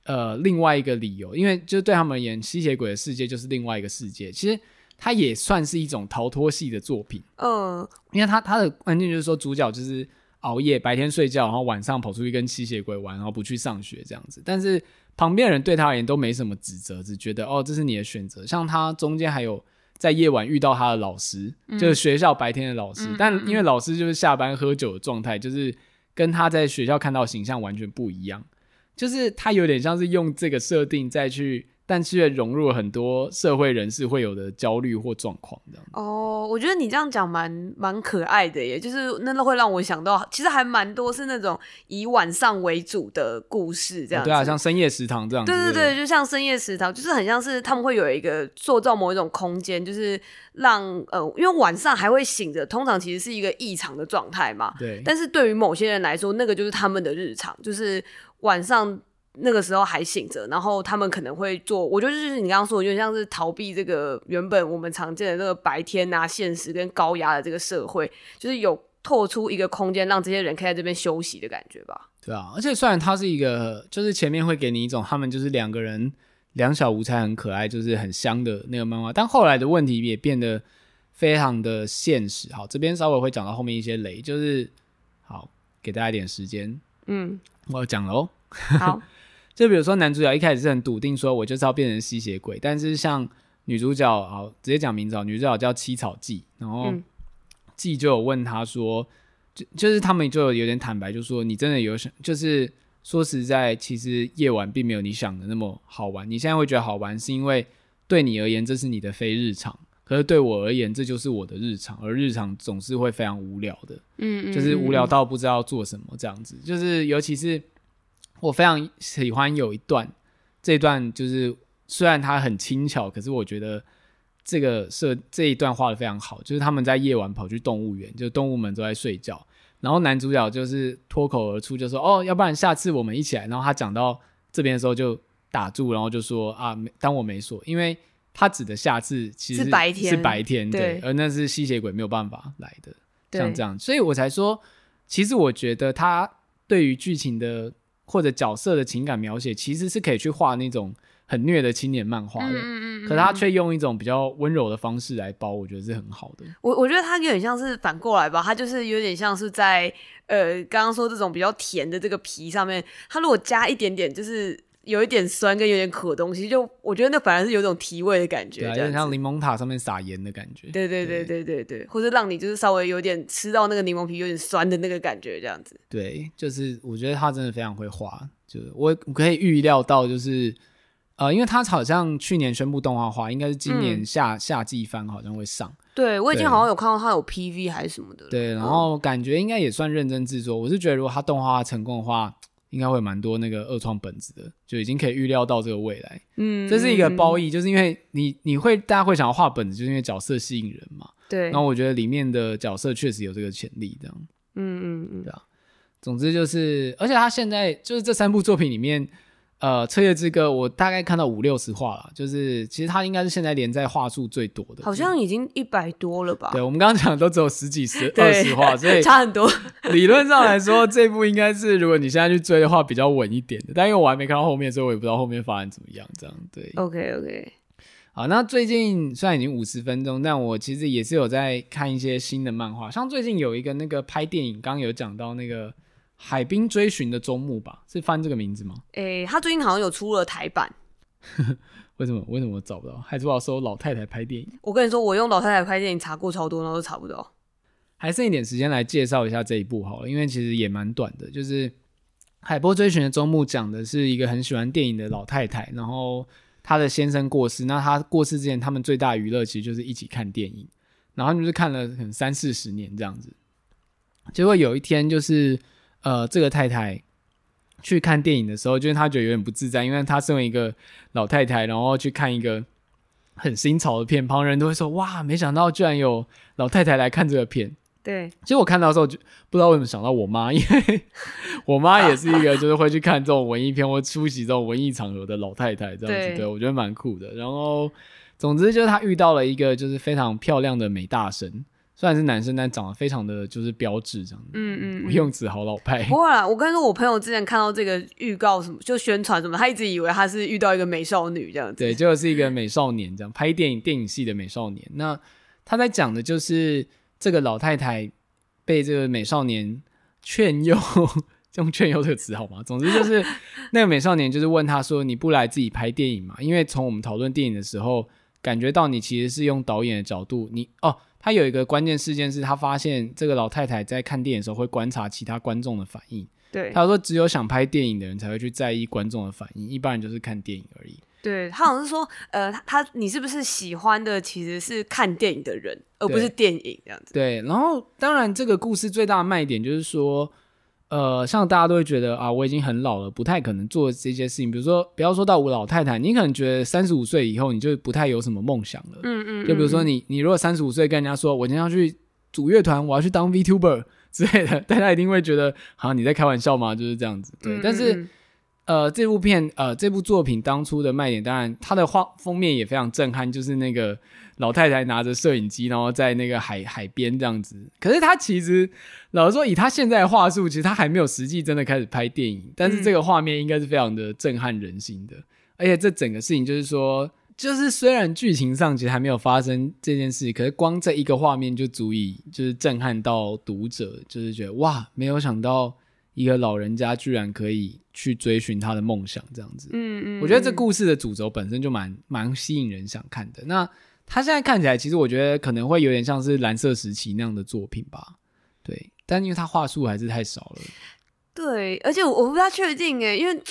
呃另外一個理由，因為就是對他們而言，吸血鬼的世界就是另外一個世界，其實他也算是一種逃脫系的作品，嗯、哦，因為他他的關鍵就是說主角就是。熬夜，白天睡覺，然後晚上跑出去跟吸血鬼玩，然後不去上學這樣子。但是旁邊人對他而言都沒什麼指責，只覺得哦，這是你的選擇。像他中間還有在夜晚遇到他的老師，嗯、就是學校白天的老師，嗯、但因為老師就是下班喝酒的狀態，就是跟他在學校看到形象完全不一樣。就是他有點像是用這個設定再去。但卻融入了很多社會人士會有的焦慮或狀況這樣哦，oh, 我覺得你這樣講蠻蠻可愛的耶，就是那會讓我想到，其實還蠻多是那種以晚上為主的故事，這樣子、oh, 對啊，像深夜食堂這樣子，對對對，對對就像深夜食堂，就是很像是他們會有一個塑造某一種空間，就是讓呃，因為晚上還會醒着，通常其實是一個異常的狀態嘛，對，但是對於某些人來說，那個就是他們的日常，就是晚上。那個時候還醒着，然後他們可能會做，我覺得就是你剛剛說的，就像是逃避這個原本我們常見的這個白天啊，現實跟高壓的這個社會，就是有拓出一個空間，讓這些人可以在這邊休息的感覺吧。對啊，而且雖然它是一個，就是前面會給你一種他們就是兩個人兩小無猜很可愛，就是很香的那個漫畫，但後來的問題也變得非常的現實。好，這邊稍微會講到後面一些雷，就是好給大家一點時間，嗯，我要講了喔，好。就比如說，男主角一開始是很篤定說，我就是要變成吸血鬼。但是像女主角，哦，直接講名字好，女主角叫七草記，然後記就有問她說，嗯、就就是他們就有點坦白，就說你真的有想，就是說實在，其實夜晚並沒有你想的那麼好玩。你現在會覺得好玩，是因為對你而言，這是你的非日常。可是對我而言，這就是我的日常，而日常總是會非常無聊的。嗯，嗯，嗯，就是無聊到不知道做什麼這樣子，就是尤其是。我非常喜歡有一段，這一段就是雖然它很輕巧，可是我覺得這個是這一段畫得非常好。就是他們在夜晚跑去動物園，就動物們都在睡覺，然後男主角就是脫口而出就說：“哦，要不然下次我們一起來。”然後他講到這邊的時候就打住，然後就說：“啊，當我沒說，因為他指的下次其實是，是白天，是白天對，而那是吸血鬼沒有辦法來的，對像這樣，所以我才說，其實我覺得他對於劇情的。或者角色的情感描寫，其實是可以去畫那種很虐的青年漫畫的，嗯嗯嗯。可是他卻用一種比較溫柔的方式來包，我覺得是很好的。我我覺得他有點像是反過來吧，他就是有點像是在呃剛剛說這種比較甜的這個皮上面，他如果加一點點就是。有一點酸跟有點苦的東西，就我覺得那反而是有種提味的感覺，對、啊，就像檸檬塔上面撒鹽的感覺。對對對對對對，對，或者讓你就是稍微有點吃到那個檸檬皮有點酸的那個感覺，這樣子。對，就是我覺得他真的非常會畫，就是我可以預料到，就是呃，因為他好像去年宣布動畫化，應該是今年夏、嗯、夏季番好像會上。對，我已經好像有看到他有 PV 還是什麼的。對，然後，對，然後感覺應該也算認真制作。我是覺得如果他動畫化成功的話。應該會蠻多那個二創本子的，就已經可以預料到這個未來。嗯，這是一個褒義，嗯、就是因為你你會大家會想要畫本子，就是因為角色吸引人嘛。對，然後我覺得裡面的角色確實有這個潛力，這樣。嗯嗯嗯，對、嗯、啊、嗯。總之就是，而且他現在就是這三部作品裡面。呃，《徹夜之歌》我大概看到五六十話了，就是其實它應該是現在連載話數最多的，好像已經一百多了吧。對，我們剛剛講的都只有十幾、十、二十 對話，所以差很多。理論上來說， 這部應該是如果你現在去追的話，比較穩一點的。但因為我還沒看到後面，所以我也不知道後面發展怎麼樣。這樣對，OK OK。好、啊，那最近雖然已經五十分鐘，但我其實也是有在看一些新的漫畫，像最近有一個那個拍電影，剛剛有講到那個。海波追尋的終幕吧，是翻這個名字嗎？哎、欸，他最近好像有出了台版。 為什麼？為什麼我找不到？還是不好說我要說？老太太拍電影？我跟你說，我用老太太拍電影查過超多，然後都查不到。還剩一點時間來介紹一下這一部好了，因為其實也蠻短的。就是《海波追尋的終幕，講的是一個很喜歡電影的老太太，然後她的先生過世，那他過世之前，他們最大娛樂其實就是一起看電影，然後就是看了很三四十年這樣子。結果有一天就是。呃，這個太太去看電影的時候，就是她覺得有點不自在，因為她身為一個老太太，然後去看一個很新潮的片，旁人都會說：“哇，沒想到居然有老太太來看這個片。”對，其實我看到的時候，就不知道為什麼想到我媽，因為我媽也是一個，就是會去看這種文藝片，或出席這種文藝場合的老太太，這樣子，對，對我覺得蠻酷的。然後，總之就是她遇到了一個就是非常漂亮的美大神。雖然是男生，但長得非常的就是標致這樣子。嗯嗯，我用詞好老派。不會啦，我跟你說，我朋友之前看到這個預告什麼，就宣傳什麼，他一直以為他是遇到一個美少女這樣子。對，就是一個美少年這樣，拍電影、電影系的美少年。那他在講的就是這個老太太被這個美少年勸誘，用勸誘這個詞好嗎？總之就是 那個美少年就是問他說：“你不來自己拍電影嗎？”因為從我們討論電影的時候感覺到你其實是用導演的角度，你哦。他有一個關鍵事件，是他發現這個老太太在看電影的時候會觀察其他觀眾的反應。對，他說只有想拍電影的人才會去在意觀眾的反應，一般人就是看電影而已。對，他好像是說， 呃，他，他你是不是喜歡的其實是看電影的人，對而不是電影這樣子。對，然後當然這個故事最大的賣點就是說。呃，像大家都會覺得啊，我已經很老了，不太可能做這些事情。比如說，不要說到我老太太，你可能覺得三十五歲以後你就不太有什麼夢想了。嗯嗯，嗯嗯。就比如說你，你如果三十五歲跟人家說，我今天要去組樂團，我要去當 VTuber 之類的，大家一定會覺得，好、啊、你在開玩笑嘛，就是這樣子。對。嗯嗯。但是，呃，這部片，呃，這部作品當初的賣點，當然它的畫封面也非常震撼，就是那個。老太太拿着攝影機，然後在那個海海邊這樣子。可是她其實老實說，以她現在的話術，其實她還沒有實際真的開始拍電影。但是這個畫面應該是非常的震撼人心的。嗯、而且這整個事情就是說，就是雖然劇情上其實還沒有發生這件事，可是光這一個畫面就足以就是震撼到讀者，就是覺得哇，沒有想到一個老人家居然可以去追尋他的夢想這樣子。嗯嗯，我覺得這故事的主軸本身就蠻蠻吸引人想看的。那他現在看起來，其實我覺得可能會有點像是藍色時期那樣的作品吧，對，但因為他話數還是太少了，對，而且我我不太確定誒，因為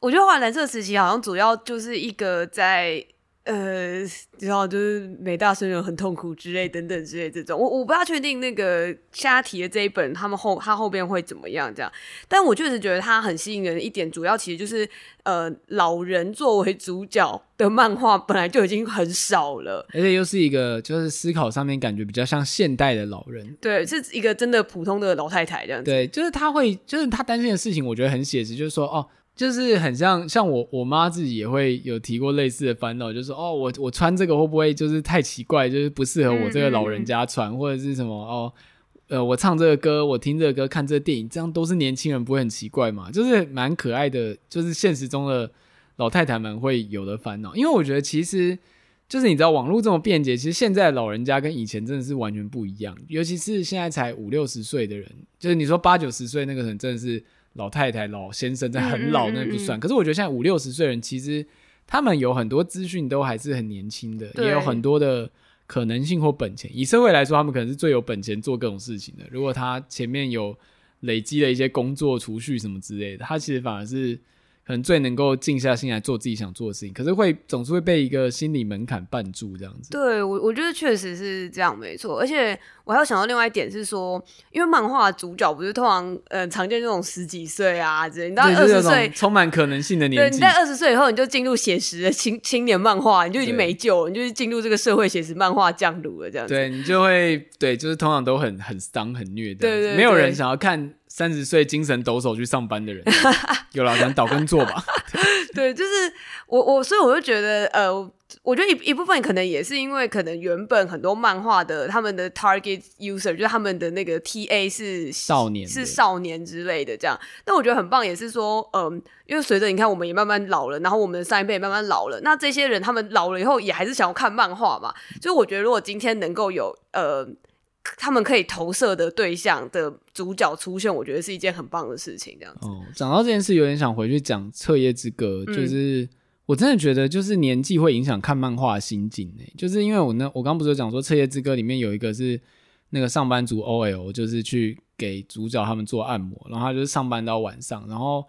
我覺得畫藍色時期好像主要就是一個在。呃，然後就是美大生人很痛苦之類等等之類這種，我我不太確定那個瞎提的這一本，他們後他後邊會怎麼樣這樣？但我確實覺得他很吸引人的一點，主要其實就是呃，老人作為主角的漫畫本來就已經很少了，而且又是一個就是思考上面感覺比較像現代的老人，對，是一個真的普通的老太太這樣子，對，就是他會就是他擔心的事情，我覺得很寫實，就是說哦。就是很像像我我媽自己也會有提過類似的煩惱，就是哦，我我穿這個會不會就是太奇怪，就是不適合我這個老人家穿，或者是什麼哦，呃，我唱這個歌，我聽這個歌，看這個電影，這樣都是年輕人不會很奇怪嘛？就是蠻可愛的，就是現實中的老太太們會有的煩惱。因為我覺得其實就是你知道網絡這麼便捷，其實現在的老人家跟以前真的是完全不一樣，尤其是現在才五六十歲的人，就是你說八九十歲那個人真的是。老太太、老先生在很老那不算，嗯嗯嗯。可是我覺得現在五六十歲人其實他們有很多資訊都還是很年輕的，對也有很多的可能性或本錢。以社會來說，他們可能是最有本錢做各種事情的。如果他前面有累積了一些工作儲蓄什麼之類的，他其實反而是。很最能夠靜下心來做自己想做的事情，可是會總是會被一個心理門檻絆住，這樣子。對，我我覺得確實是這樣，沒錯。而且我還要想到另外一點是說，因為漫畫主角不是通常嗯常見這種十幾歲啊之類，你到二十歲，充滿可能性的年紀。你在二十歲以後，你就進入寫實的青青年漫畫，你就已經沒救了，對你就是進入這個社會寫實漫畫降奴了，這樣子。對，你就會對，就是通常都很很傷、很虐的，對對對對，沒有人想要看。三十歲精神抖擻去上班的人，有了咱倒跟坐吧。 對，對，就是我我，所以我就覺得，呃，我覺得一一部分可能也是因為，可能原本很多漫畫的他們的 target user 就是他們的那個 TA 是少年，是少年之類的這樣。那我覺得很棒，也是說，嗯、呃，因為隨着你看，我們也慢慢老了，然後我們的上一輩慢慢老了，那這些人他們老了以後也還是想要看漫畫嘛。所以我覺得，如果今天能夠有，呃。他們可以投射的對象的主角出現，我覺得是一件很棒的事情。這樣子，哦、講到這件事，有點想回去講《徹夜之歌》嗯，就是我真的覺得，就是年紀會影響看漫畫的心境誒、欸。就是因為我那，我剛不是有講說《徹夜之歌》裡面有一個是那個上班族 OL，就是去給主角他們做按摩，然後他就是上班到晚上，然後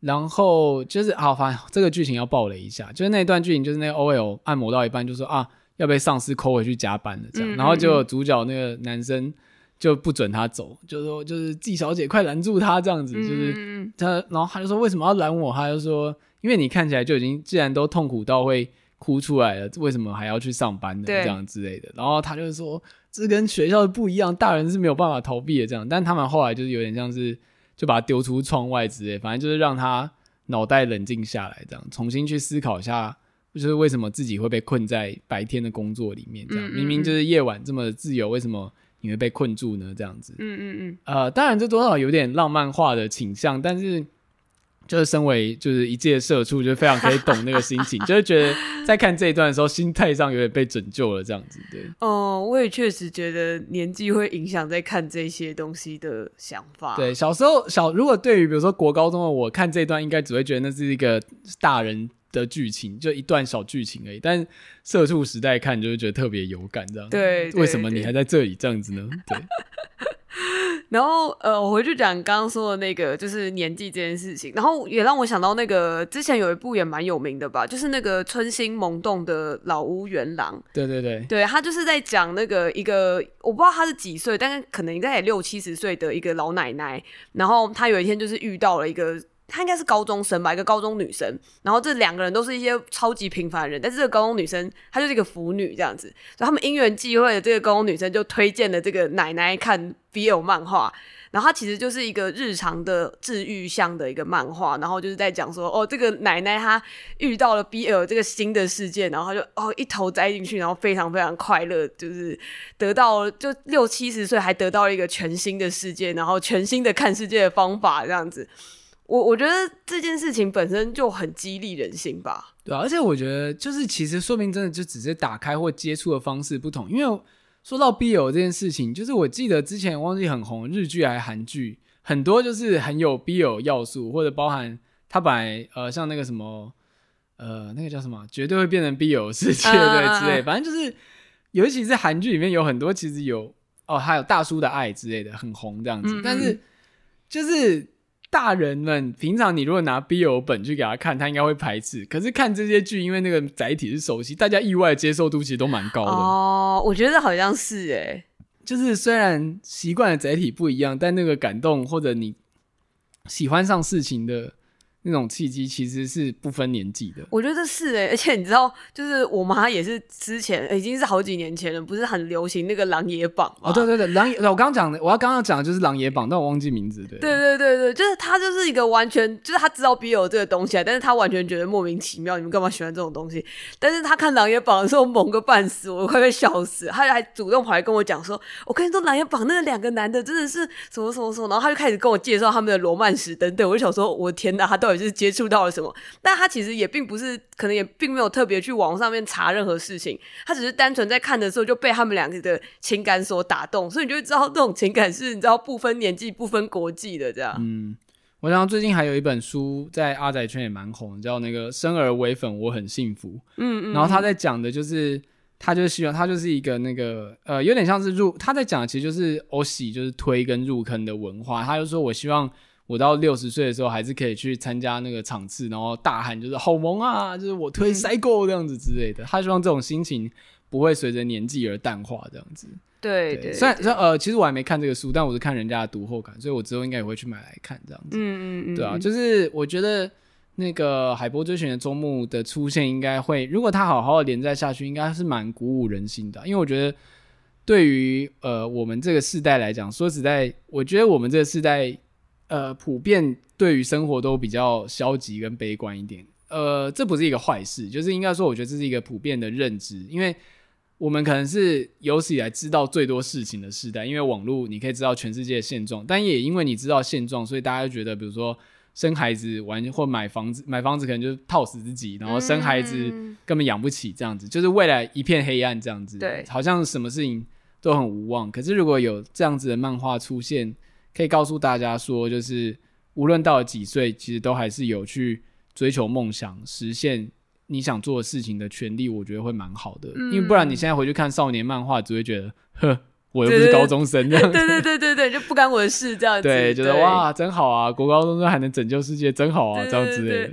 然後就是好煩，啊、反正這個劇情要爆雷一下，就是那段劇情，就是那個 OL 按摩到一半就說啊。要被上司扣回去加班的這樣，然後就主角那個男生就不准他走，就是說就是季小姐，快攔住他這樣子，就是他，然後他就說為什麼要攔我？他就說，因為你看起來就已經既然都痛苦到會哭出來了，為什麼還要去上班的這樣之類的？然後他就說這跟學校不一樣，大人是沒有辦法逃避的這樣。但他們後來就是有點像是就把他丟出窗外之類，反正就是讓他腦袋冷靜下來，這樣重新去思考一下。就是為什麼自己會被困在白天的工作裡面，這樣明明就是夜晚這麼自由，為什麼你會被困住呢？這樣子。嗯嗯嗯，呃，當然這多少有點浪漫化的傾向，嗯嗯嗯呃、向，但是就是身為就是一介社畜，就非常可以懂那個心情， 就是覺得在看這一段的時候，心態上有點被拯救了這樣子。對，嗯，我也確實覺得年紀會影響在看這些東西的想法。對，小時候小，如果對於比如說國高中的我看這一段，應該只會覺得那是一個大人。的劇情就一段小劇情而已，但《社畜時代》看就會覺得特別有感，這樣對，對？為什麼你還在這裡這樣子呢？對。 然後呃，我回去講剛剛說的那個，就是年紀這件事情，然後也讓我想到那個之前有一部也蠻有名的吧，就是那個《春心萌動》的老屋緣廊。對對對，對，他就是在講那個一個我不知道他是幾歲，但是可能應該也六七十歲的一個老奶奶，然後他有一天就是遇到了一個。她應該是高中生吧，一個高中女生。然後這兩個人都是一些超級平凡的人，但是這個高中女生她就是一個腐女這樣子。所以他們因緣際會的，這個高中女生就推薦了這個奶奶看 BL 漫畫。然後她其實就是一個日常的治癒向的一個漫畫，然後就是在講說，哦，這個奶奶她遇到了 BL 這個新的世界，然後她就哦一頭栽進去，然後非常非常快樂，就是得到就六七十歲還得到了一個全新的世界，然後全新的看世界的方法這樣子。我我覺得這件事情本身就很激勵人心吧。對啊，而且我覺得就是其實說明真的就只是打開或接觸的方式不同。因為說到 BL 這件事情，就是我記得之前忘記很紅日劇還韓劇很多就是很有 BL 要素或者包含他本來呃，像那個什麼呃，那個叫什麼絕對會變成 BL 世界的，啊啊啊啊、之類的，反正就是尤其是韓劇裡面有很多其實有哦，還有大叔的愛之類的很紅這樣子，嗯嗯但是就是。大人們平常你如果拿 BL 本去給他看，他應該會排斥。可是看這些劇，因為那個載體是熟悉，大家意外的接受度其實都蠻高的。哦，oh, 我覺得好像是誒，就是雖然習慣的載體不一樣，但那個感動或者你喜歡上事情的。那種契機其實是不分年紀的，我覺得是誒、欸，而且你知道，就是我媽也是之前、欸、已經是好幾年前了，不是很流行那個《狼野榜》嘛哦、欸，對對對，《狼野》我剛剛講的，我要剛剛講的就是《狼野榜》，但我忘記名字。對，對對對對就是他就是一個完全就是他知道別有這個東西，但是他完全覺得莫名其妙，你們幹嘛喜歡這種東西？但是他看《狼野榜》的時候猛個半死我，我快被笑死。他還主動跑來跟我講說，我跟你說《狼野榜》那兩個男的真的是什麼什麼什麼什麼，然後他就開始跟我介紹他們的羅曼史等等。我就想說，我天吶，他到底？就是接觸到了什麼，但他其實也並不是，可能也並沒有特別去網上面查任何事情，他只是單純在看的時候就被他們兩個的情感所打動，所以你就會知道這種情感是你知道不分年紀、不分國籍的這樣。嗯，我想最近還有一本書在阿宅圈也蠻紅，叫那個《生而為粉，我很幸福》。嗯嗯，嗯然後他在講的就是，他就是希望他就是一個那個呃，有點像是入他在講，其實就是 oshi，就是推跟入坑的文化，他就說我希望。我到六十歲的時候，還是可以去參加那個場次，然後大喊就是“好萌啊”，就是我推賽高這樣子之類的。嗯、他希望這種心情不會隨着年紀而淡化，這樣子。對對。雖然呃，其實我還沒看這個書，但我是看人家的讀後感，所以我之後應該也會去買來看這樣子。嗯，嗯嗯嗯。對啊，就是我覺得那個《海波追尋》的終幕的出現應，應該會如果他好好的連載下去，應該是蠻鼓舞人心的。因為我覺得對於呃我們這個世代來講，說實在，我覺得我們這個世代。呃，普遍對於生活都比較消極跟悲觀一點。呃，這不是一個壞事，就是應該說，我覺得這是一個普遍的認知，因為我們可能是有史以來知道最多事情的時代，因為網絡你可以知道全世界的現狀，但也因為你知道現狀，所以大家就覺得，比如說生孩子玩、玩或買房子、買房子可能就套死自己，然後生孩子根本養不起，這樣子、嗯、就是未來一片黑暗，這樣子，對，好像什麼事情都很無望。可是如果有這樣子的漫畫出現。可以告訴大家說，就是無論到了幾歲，其實都還是有去追求夢想、實現你想做的事情的權利。我覺得會蠻好的，嗯、因為不然你現在回去看少年漫畫，只會覺得哼，我又不是高中生這樣子。對對對對對， 就不干我的事這樣子。對，覺得哇，真好啊！國高中生還能拯救世界，真好啊，這樣子。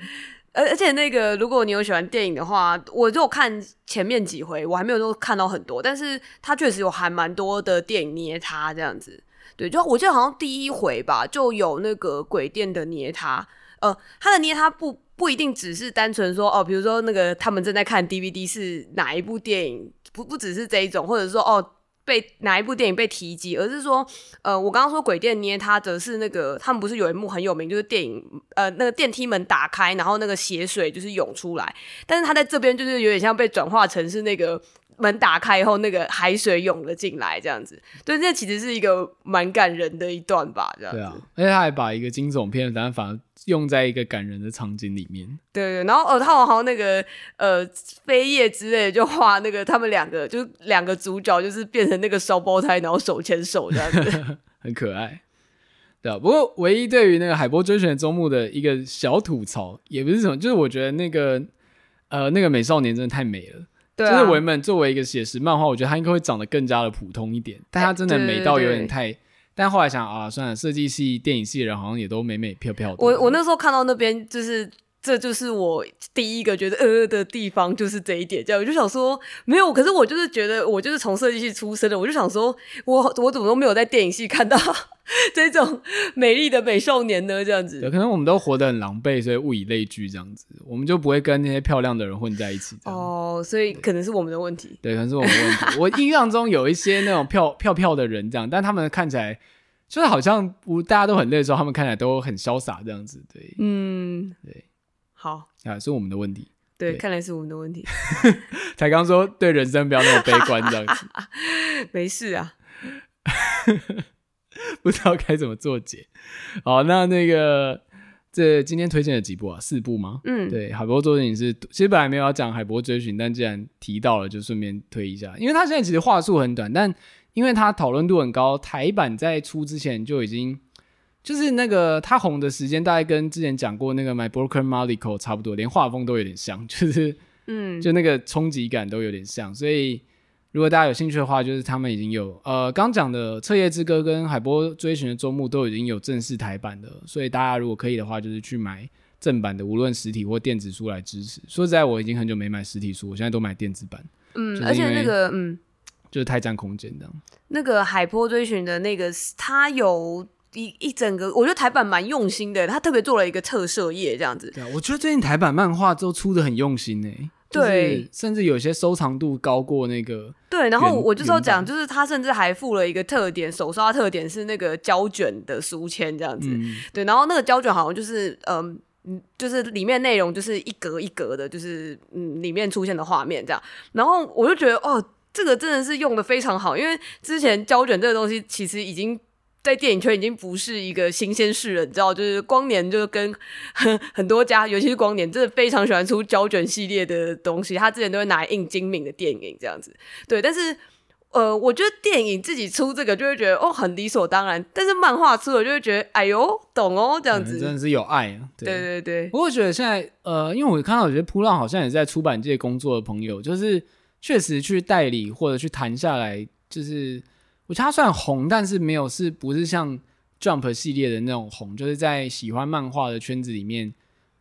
而而且那個，如果你有喜歡電影的話，我就看前面幾回，我還沒有看到很多，但是他確實有還蠻多的電影捏他這樣子。對，就我記得好像第一回吧，就有那個鬼店的捏他，呃，他的捏他不不一定只是單純說哦，比如說那個他們正在看 DVD 是哪一部電影，不不只是這一種，或者說哦被哪一部電影被提及，而是說，呃，我剛剛說鬼店捏他則是那個他們不是有一幕很有名，就是電影呃那個電梯門打開，然後那個血水就是湧出來，但是他在這邊就是有點像被轉化成是那個。門打開以後，那個海水湧了進來，這樣子。對，那其實是一個蠻感人的一段吧，這樣。對啊，而且他還把一個驚悚片的打法用在一個感人的場景裡面。對對。然後，哦、呃，他好像那個呃扉頁之類的，就畫那個他們兩個，就兩個主角，就是變成那個雙胞胎，然後手牽手這樣子， 很可愛，對啊，不過，唯一對於那個海波追尋的終幕的一個小吐槽，也不是什麼，就是我覺得那個呃那個美少年真的太美了。對啊、真的，維本作為一個寫實漫畫，我覺得它應該會長得更加的普通一點，但它真的美到有點太。對對對，但後來想啊，算了，設計系、電影系的人好像也都美美飄飄的。我我那時候看到那邊就是。這就是我第一個覺得呃,呃的地方，就是這一點這樣，我就想說沒有，可是我就是覺得我就是從設計系出身的，我就想說我我怎麼都沒有在電影系看到這種美麗的美少年呢？這樣子，對，可能我們都活得很狼狽，所以物以類聚這樣子，我們就不會跟那些漂亮的人混在一起這樣。哦，oh, 所以可能是我們的問題對，對，可能是我們的問題。 我印象中有一些那種漂漂漂的人這樣，但他們看起來就是好像不大家都很累的時候，他們看起來都很瀟灑這樣子，對，嗯，對。好啊，是我們的問題。對，對看來是我們的問題。 才剛說對人生不要那麼悲觀這樣子， 沒事啊， 不知道該怎麼做解。好，那那個這今天推薦了幾部啊？四部嗎？嗯，對，海波追尋你是其實本來沒有要講海波追尋，但既然提到了，就順便推一下，因為他現在其實話數很短，但因為他討論度很高，台版在出之前就已經。就是那個他紅的時間大概跟之前講過那個 My Broken、er、Mariko 差不多，連畫風都有點像，就是嗯，就那個衝擊感都有點像。所以如果大家有興趣的話，就是他們已經有呃剛講的《徹夜之歌》跟《海波追尋的終幕》都已經有正式台版的，所以大家如果可以的話，就是去買正版的，無論實體或電子書來支持。說實在，我已經很久沒買實體書，我現在都買電子版。嗯，而且那個嗯，就是太佔空間的。那個《海波追尋》的那個他有。一一整個，我覺得台版蠻用心的，他特別做了一個特設頁這樣子。對、啊，我覺得最近台版漫畫都出得很用心呢。對，甚至有些收藏度高過那個。對，然後我就是要講，就是他甚至還附了一個特點，嗯、首刷特點是那個膠卷的書籤這樣子。嗯、對，然後那個膠卷好像就是，嗯，就是裡面內容就是一格一格的，就是、嗯、裡面出現的畫面這樣。然後我就覺得，哦，這個真的是用的非常好，因為之前膠卷這個東西其實已經。在電影圈已經不是一個新鮮事了，你知道，就是光年就跟很很多家，尤其是光年，真的非常喜歡出膠卷系列的東西。他之前都會拿來印精明的電影這樣子，對。但是，呃，我覺得電影自己出這個就會覺得哦，很理所當然。但是漫畫出的就會覺得哎呦，懂哦，這樣子。真的是有愛啊，對。對對對。不過我覺得現在，呃，因為我看到我覺得噗浪好像也在出版界工作的朋友，就是確實去代理或者去談下來，就是。我覺得他算紅，但是沒有是不是像 Jump 系列的那種紅，就是在喜歡漫畫的圈子裡面，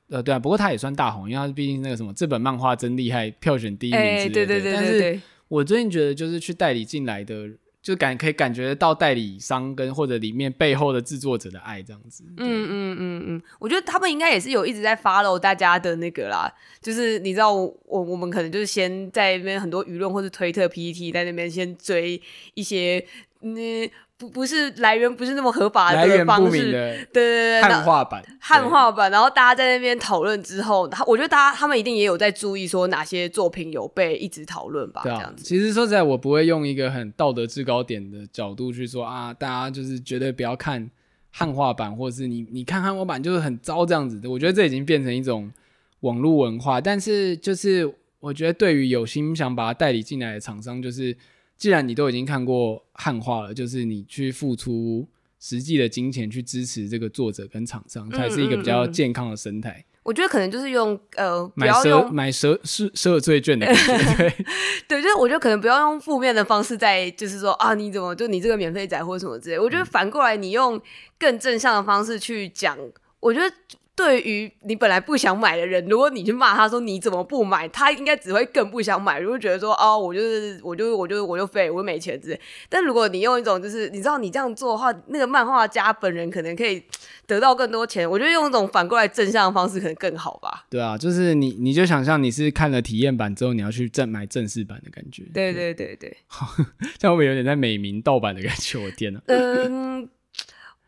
呃，對啊，不過他也算大紅，因為他畢竟那個什麼，這本漫畫真厲害，票選第一名之類的。對對對，但是我最近覺得，就是去代理進來的。就感可以感覺得到代理商跟或者裡面背後的制作者的愛這樣子，嗯嗯嗯嗯，我覺得他們應該也是有一直在 follow 大家的那個啦，就是你知道我我們可能就是先在那邊很多輿論或者推特 PTT 在那邊先追一些那。嗯不不是來源不是那麼合法的一個來源方式對對對，對，漢化版那漢化版，對然後大家在那邊討論之後，他我覺得大家他們一定也有在注意說哪些作品有被一直討論吧，啊、這樣子。其實說實在，我不會用一個很道德制高點的角度去說啊，大家就是覺得不要看漢化版，或者是你你看漢化版就是很糟這樣子的。我覺得這已經變成一種網絡文化，但是就是我覺得對於有心想把它代理進來的廠商，就是。既然你都已經看過漢化了，就是你去付出實際的金錢去支持這個作者跟廠商，才是一個比較健康的生態。嗯嗯嗯。我覺得可能就是用呃，買贖，要買贖，贖，贖罪券的感覺 對， 對，就是我覺得可能不要用負面的方式在，就是說啊，你怎麼就你這個免費仔，或什麼之類。我覺得反過來，你用更正向的方式去講，我覺得。對於你本來不想買的人，如果你去罵他說你怎麼不買，他應該只會更不想買，如果覺得說哦，我就是我就我就我就廢，我就沒錢之類的。但如果你用一種就是你知道你這樣做的話，那個漫畫家本人可能可以得到更多錢。我覺得用一種反過來正向的方式可能更好吧。對啊，就是你你就想象你是看了體驗版之後你要去正買正式版的感覺。對對,對對對。好，這樣我有點在美名盜版的感覺。我天哪。嗯。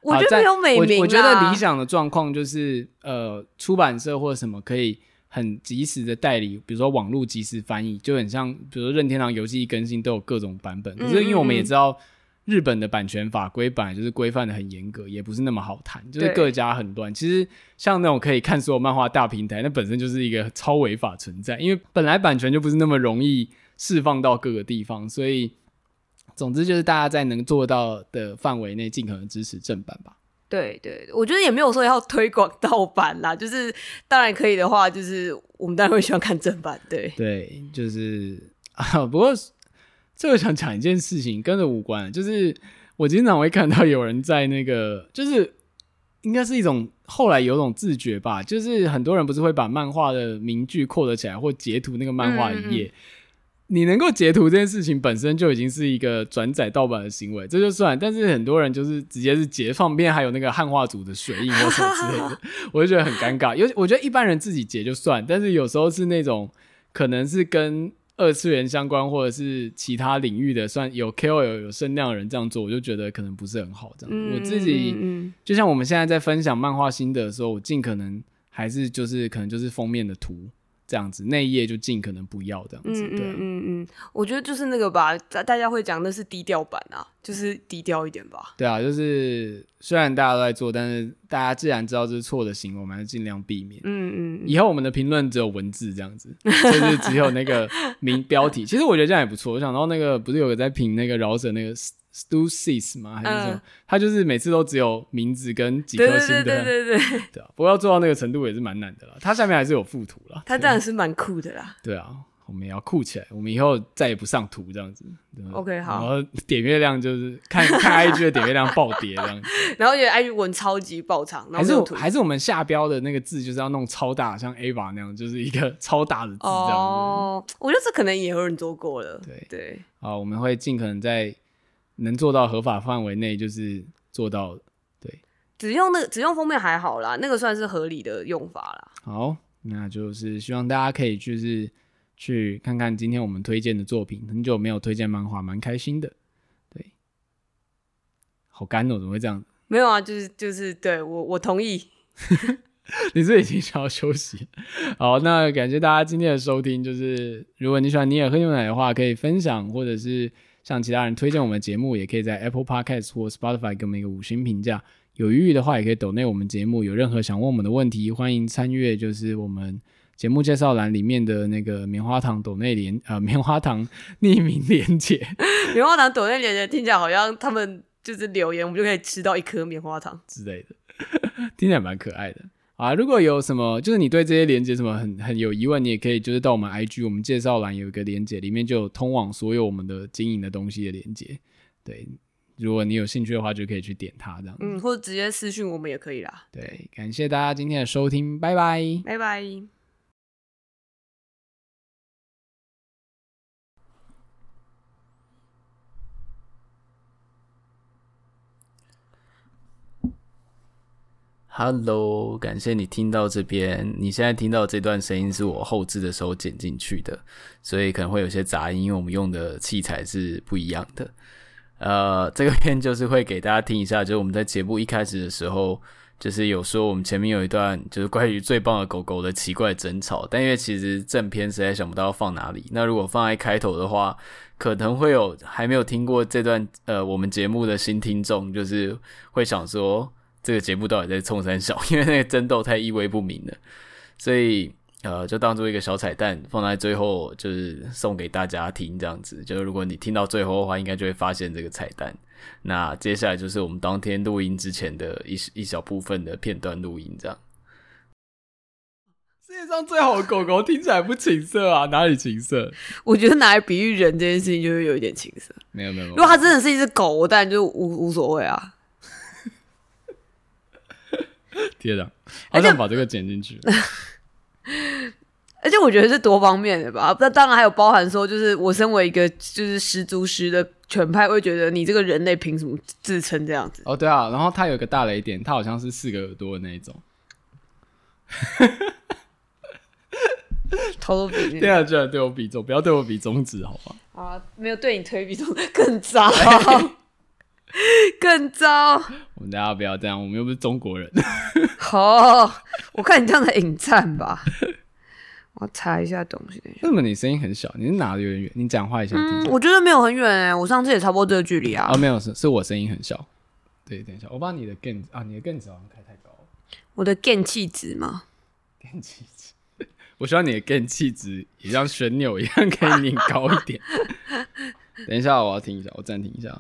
我覺得沒有美沒名，啊、呃、我覺得理想的狀況就是，呃，出版社或什麼可以很及時的代理，比如說網絡及時翻譯，就很像，比如說任天堂遊戲一更新都有各種版本。可，嗯嗯嗯、是因為我們也知道，日本的版權法規版就是規範得很嚴格，也不是那麼好談，就是各家很亂。對其實像那種可以看所有漫畫大平台，那本身就是一個超違法存在，因為本來版權就不是那麼容易釋放到各個地方，所以。總之就是大家在能做到的範圍內，盡可能支持正版吧。對對，我覺得也沒有說要推廣盜版啦，就是當然可以的話，就是我們當然會喜歡看正版。對對，就是啊，不過這個想講一件事情，跟着無關，就是我經常會看到有人在那個，就是應該是一種後來有種自覺吧，就是很多人不是會把漫畫的名句 quote 了起來，或截圖那個漫畫一頁。嗯嗯你能夠截圖這件事情本身就已經是一個轉載盜版的行為，這就算。但是很多人就是直接是截放面，還有那個漢化組的水印或什麼之類的。 我就覺得很尷尬。有，我覺得一般人自己截就算，但是有時候是那種可能是跟二次元相關或者是其他領域的，算有 K O 有有聲量的人這樣做，我就覺得可能不是很好。這樣、嗯、我自己，就像我們現在在分享漫畫心得的時候，我盡可能還是就是可能就是封面的圖。這樣子，那一頁就盡可能不要這樣子。對，嗯嗯，嗯我覺得就是那個吧，大大家會講的是低調版，啊，就是低調一點吧。對啊，就是雖然大家都在做，但是大家自然知道這是錯的行為，我們還是盡量避免。嗯嗯，嗯以後我們的評論只有文字這樣子，就是只有那個名 標題。其實我覺得這樣也不錯。我想到那個，不是有個在評那個饒舌那個。Stu sees 嗎？還是什麼？他、嗯、就是每次都只有名字跟幾顆星的。對對對對，對，對，對啊，不過要做到那個程度也是蠻難的啦。他下面還是有附圖了，他這樣是蠻酷的啦。對啊，我們也要酷起來，我們以後再也不上圖這樣子。對對 OK，好。然後點閱量就是看，看 IG 的點閱量暴跌這樣子。然後也 IG 文超級爆長，然後還是還是我們下標的那個字就是要弄超大，像 Ava 那樣，就是一個超大的字這樣子。哦、oh, 就是，我覺得這可能也有人做過了。對對。對好，我們會盡可能在。能做到合法範圍內就是做到，對。只用那個、只用封面還好啦，那個算是合理的用法啦。好，那就是希望大家可以就是去看看今天我們推薦的作品，很久沒有推薦漫畫，蠻開心的。對，好乾哦、喔，怎麼會這樣？沒有啊，就是就是對我我同意。 你是已經想要休息。好，那感謝大家今天的收聽。就是如果你喜歡尼爾喝牛奶的話，可以分享或者是。像其他人推薦我們的節目，也可以在 Apple Podcast 或 Spotify 給我們一個五星評價。有餘裕的話，也可以抖內我們節目。有任何想問我們的問題，歡迎參閱就是我們節目介紹欄裡面的那個棉花糖抖內聯，呃棉花糖匿名連接。棉花糖抖內連接聽起來好像他們就是留言，我們就可以吃到一顆棉花糖之類的，聽起來蠻可愛的。啊，如果有什麼，就是你對這些連接什麼很很有疑問，你也可以就是到我們 IG，我們介紹欄有一個連接，裡面就有通往所有我們的經營的東西的連接。對，如果你有興趣的話，就可以去點它這樣。嗯，或者直接私訊我們也可以啦。對，對，感謝大家今天的收聽，拜拜，拜拜。Hello，感謝你聽到這邊。你現在聽到這段聲音是我後製的時候剪進去的，所以可能會有些雜音，因為我們用的器材是不一樣的。呃，這個片就是會給大家聽一下，就是我們在節目一開始的時候，就是有說我們前面有一段就是關於最棒的狗狗的奇怪爭吵，但因為其實正片實在想不到放哪裡。那如果放在開頭的話，可能會有還沒有聽過這段，呃，我們節目的新聽眾，就是會想說。這個節目到底在衝三小？因為那個爭鬥太意味不明了，所以呃，就當作一個小彩蛋放在最後，就是送給大家聽這樣子。就是如果你聽到最後的話，應該就會發現這個彩蛋。那接下來就是我們當天錄音之前的一一小部分的片段錄音，這樣。世界上最好的狗狗聽起來不情色啊？哪裡情色？我覺得拿來比喻人這件事情，就是有一點情色。沒有沒有，沒有，如果它真的是一隻狗，但就無無所謂啊。天啊，好想把這個剪進去了而。而且我覺得是多方面的吧，那當然還有包含說，就是我身為一個就是十足十的犬派，我會覺得你這個人類憑什麼自稱這樣子？哦，對啊，然後他有個大雷點，他好像是四個耳朵的那一種。偷 偷比對啊，居然對我比中，不要對我比中指好好啊，沒有對你推比中更糟。對 更糟！我們大家不要這樣，我們又不是中國人。好 ，oh, 我看你這樣的引戰吧。 我查一下東西，等一下。為什麼你聲音很小？你是哪裡有點遠？你講話一下、嗯、我覺得沒有很遠哎、欸，我上次也差不多這個距離啊。啊、哦，沒有是是我聲音很小。對，等一下，我把你的 gain 啊，你的 gain 值好像開太高了。我的 gain 氣值嗎？gain 氣值。我希望你的 gain 氣值也像旋鈕一樣可以擰高一點。 等一下，我要聽一下，我暫停一下。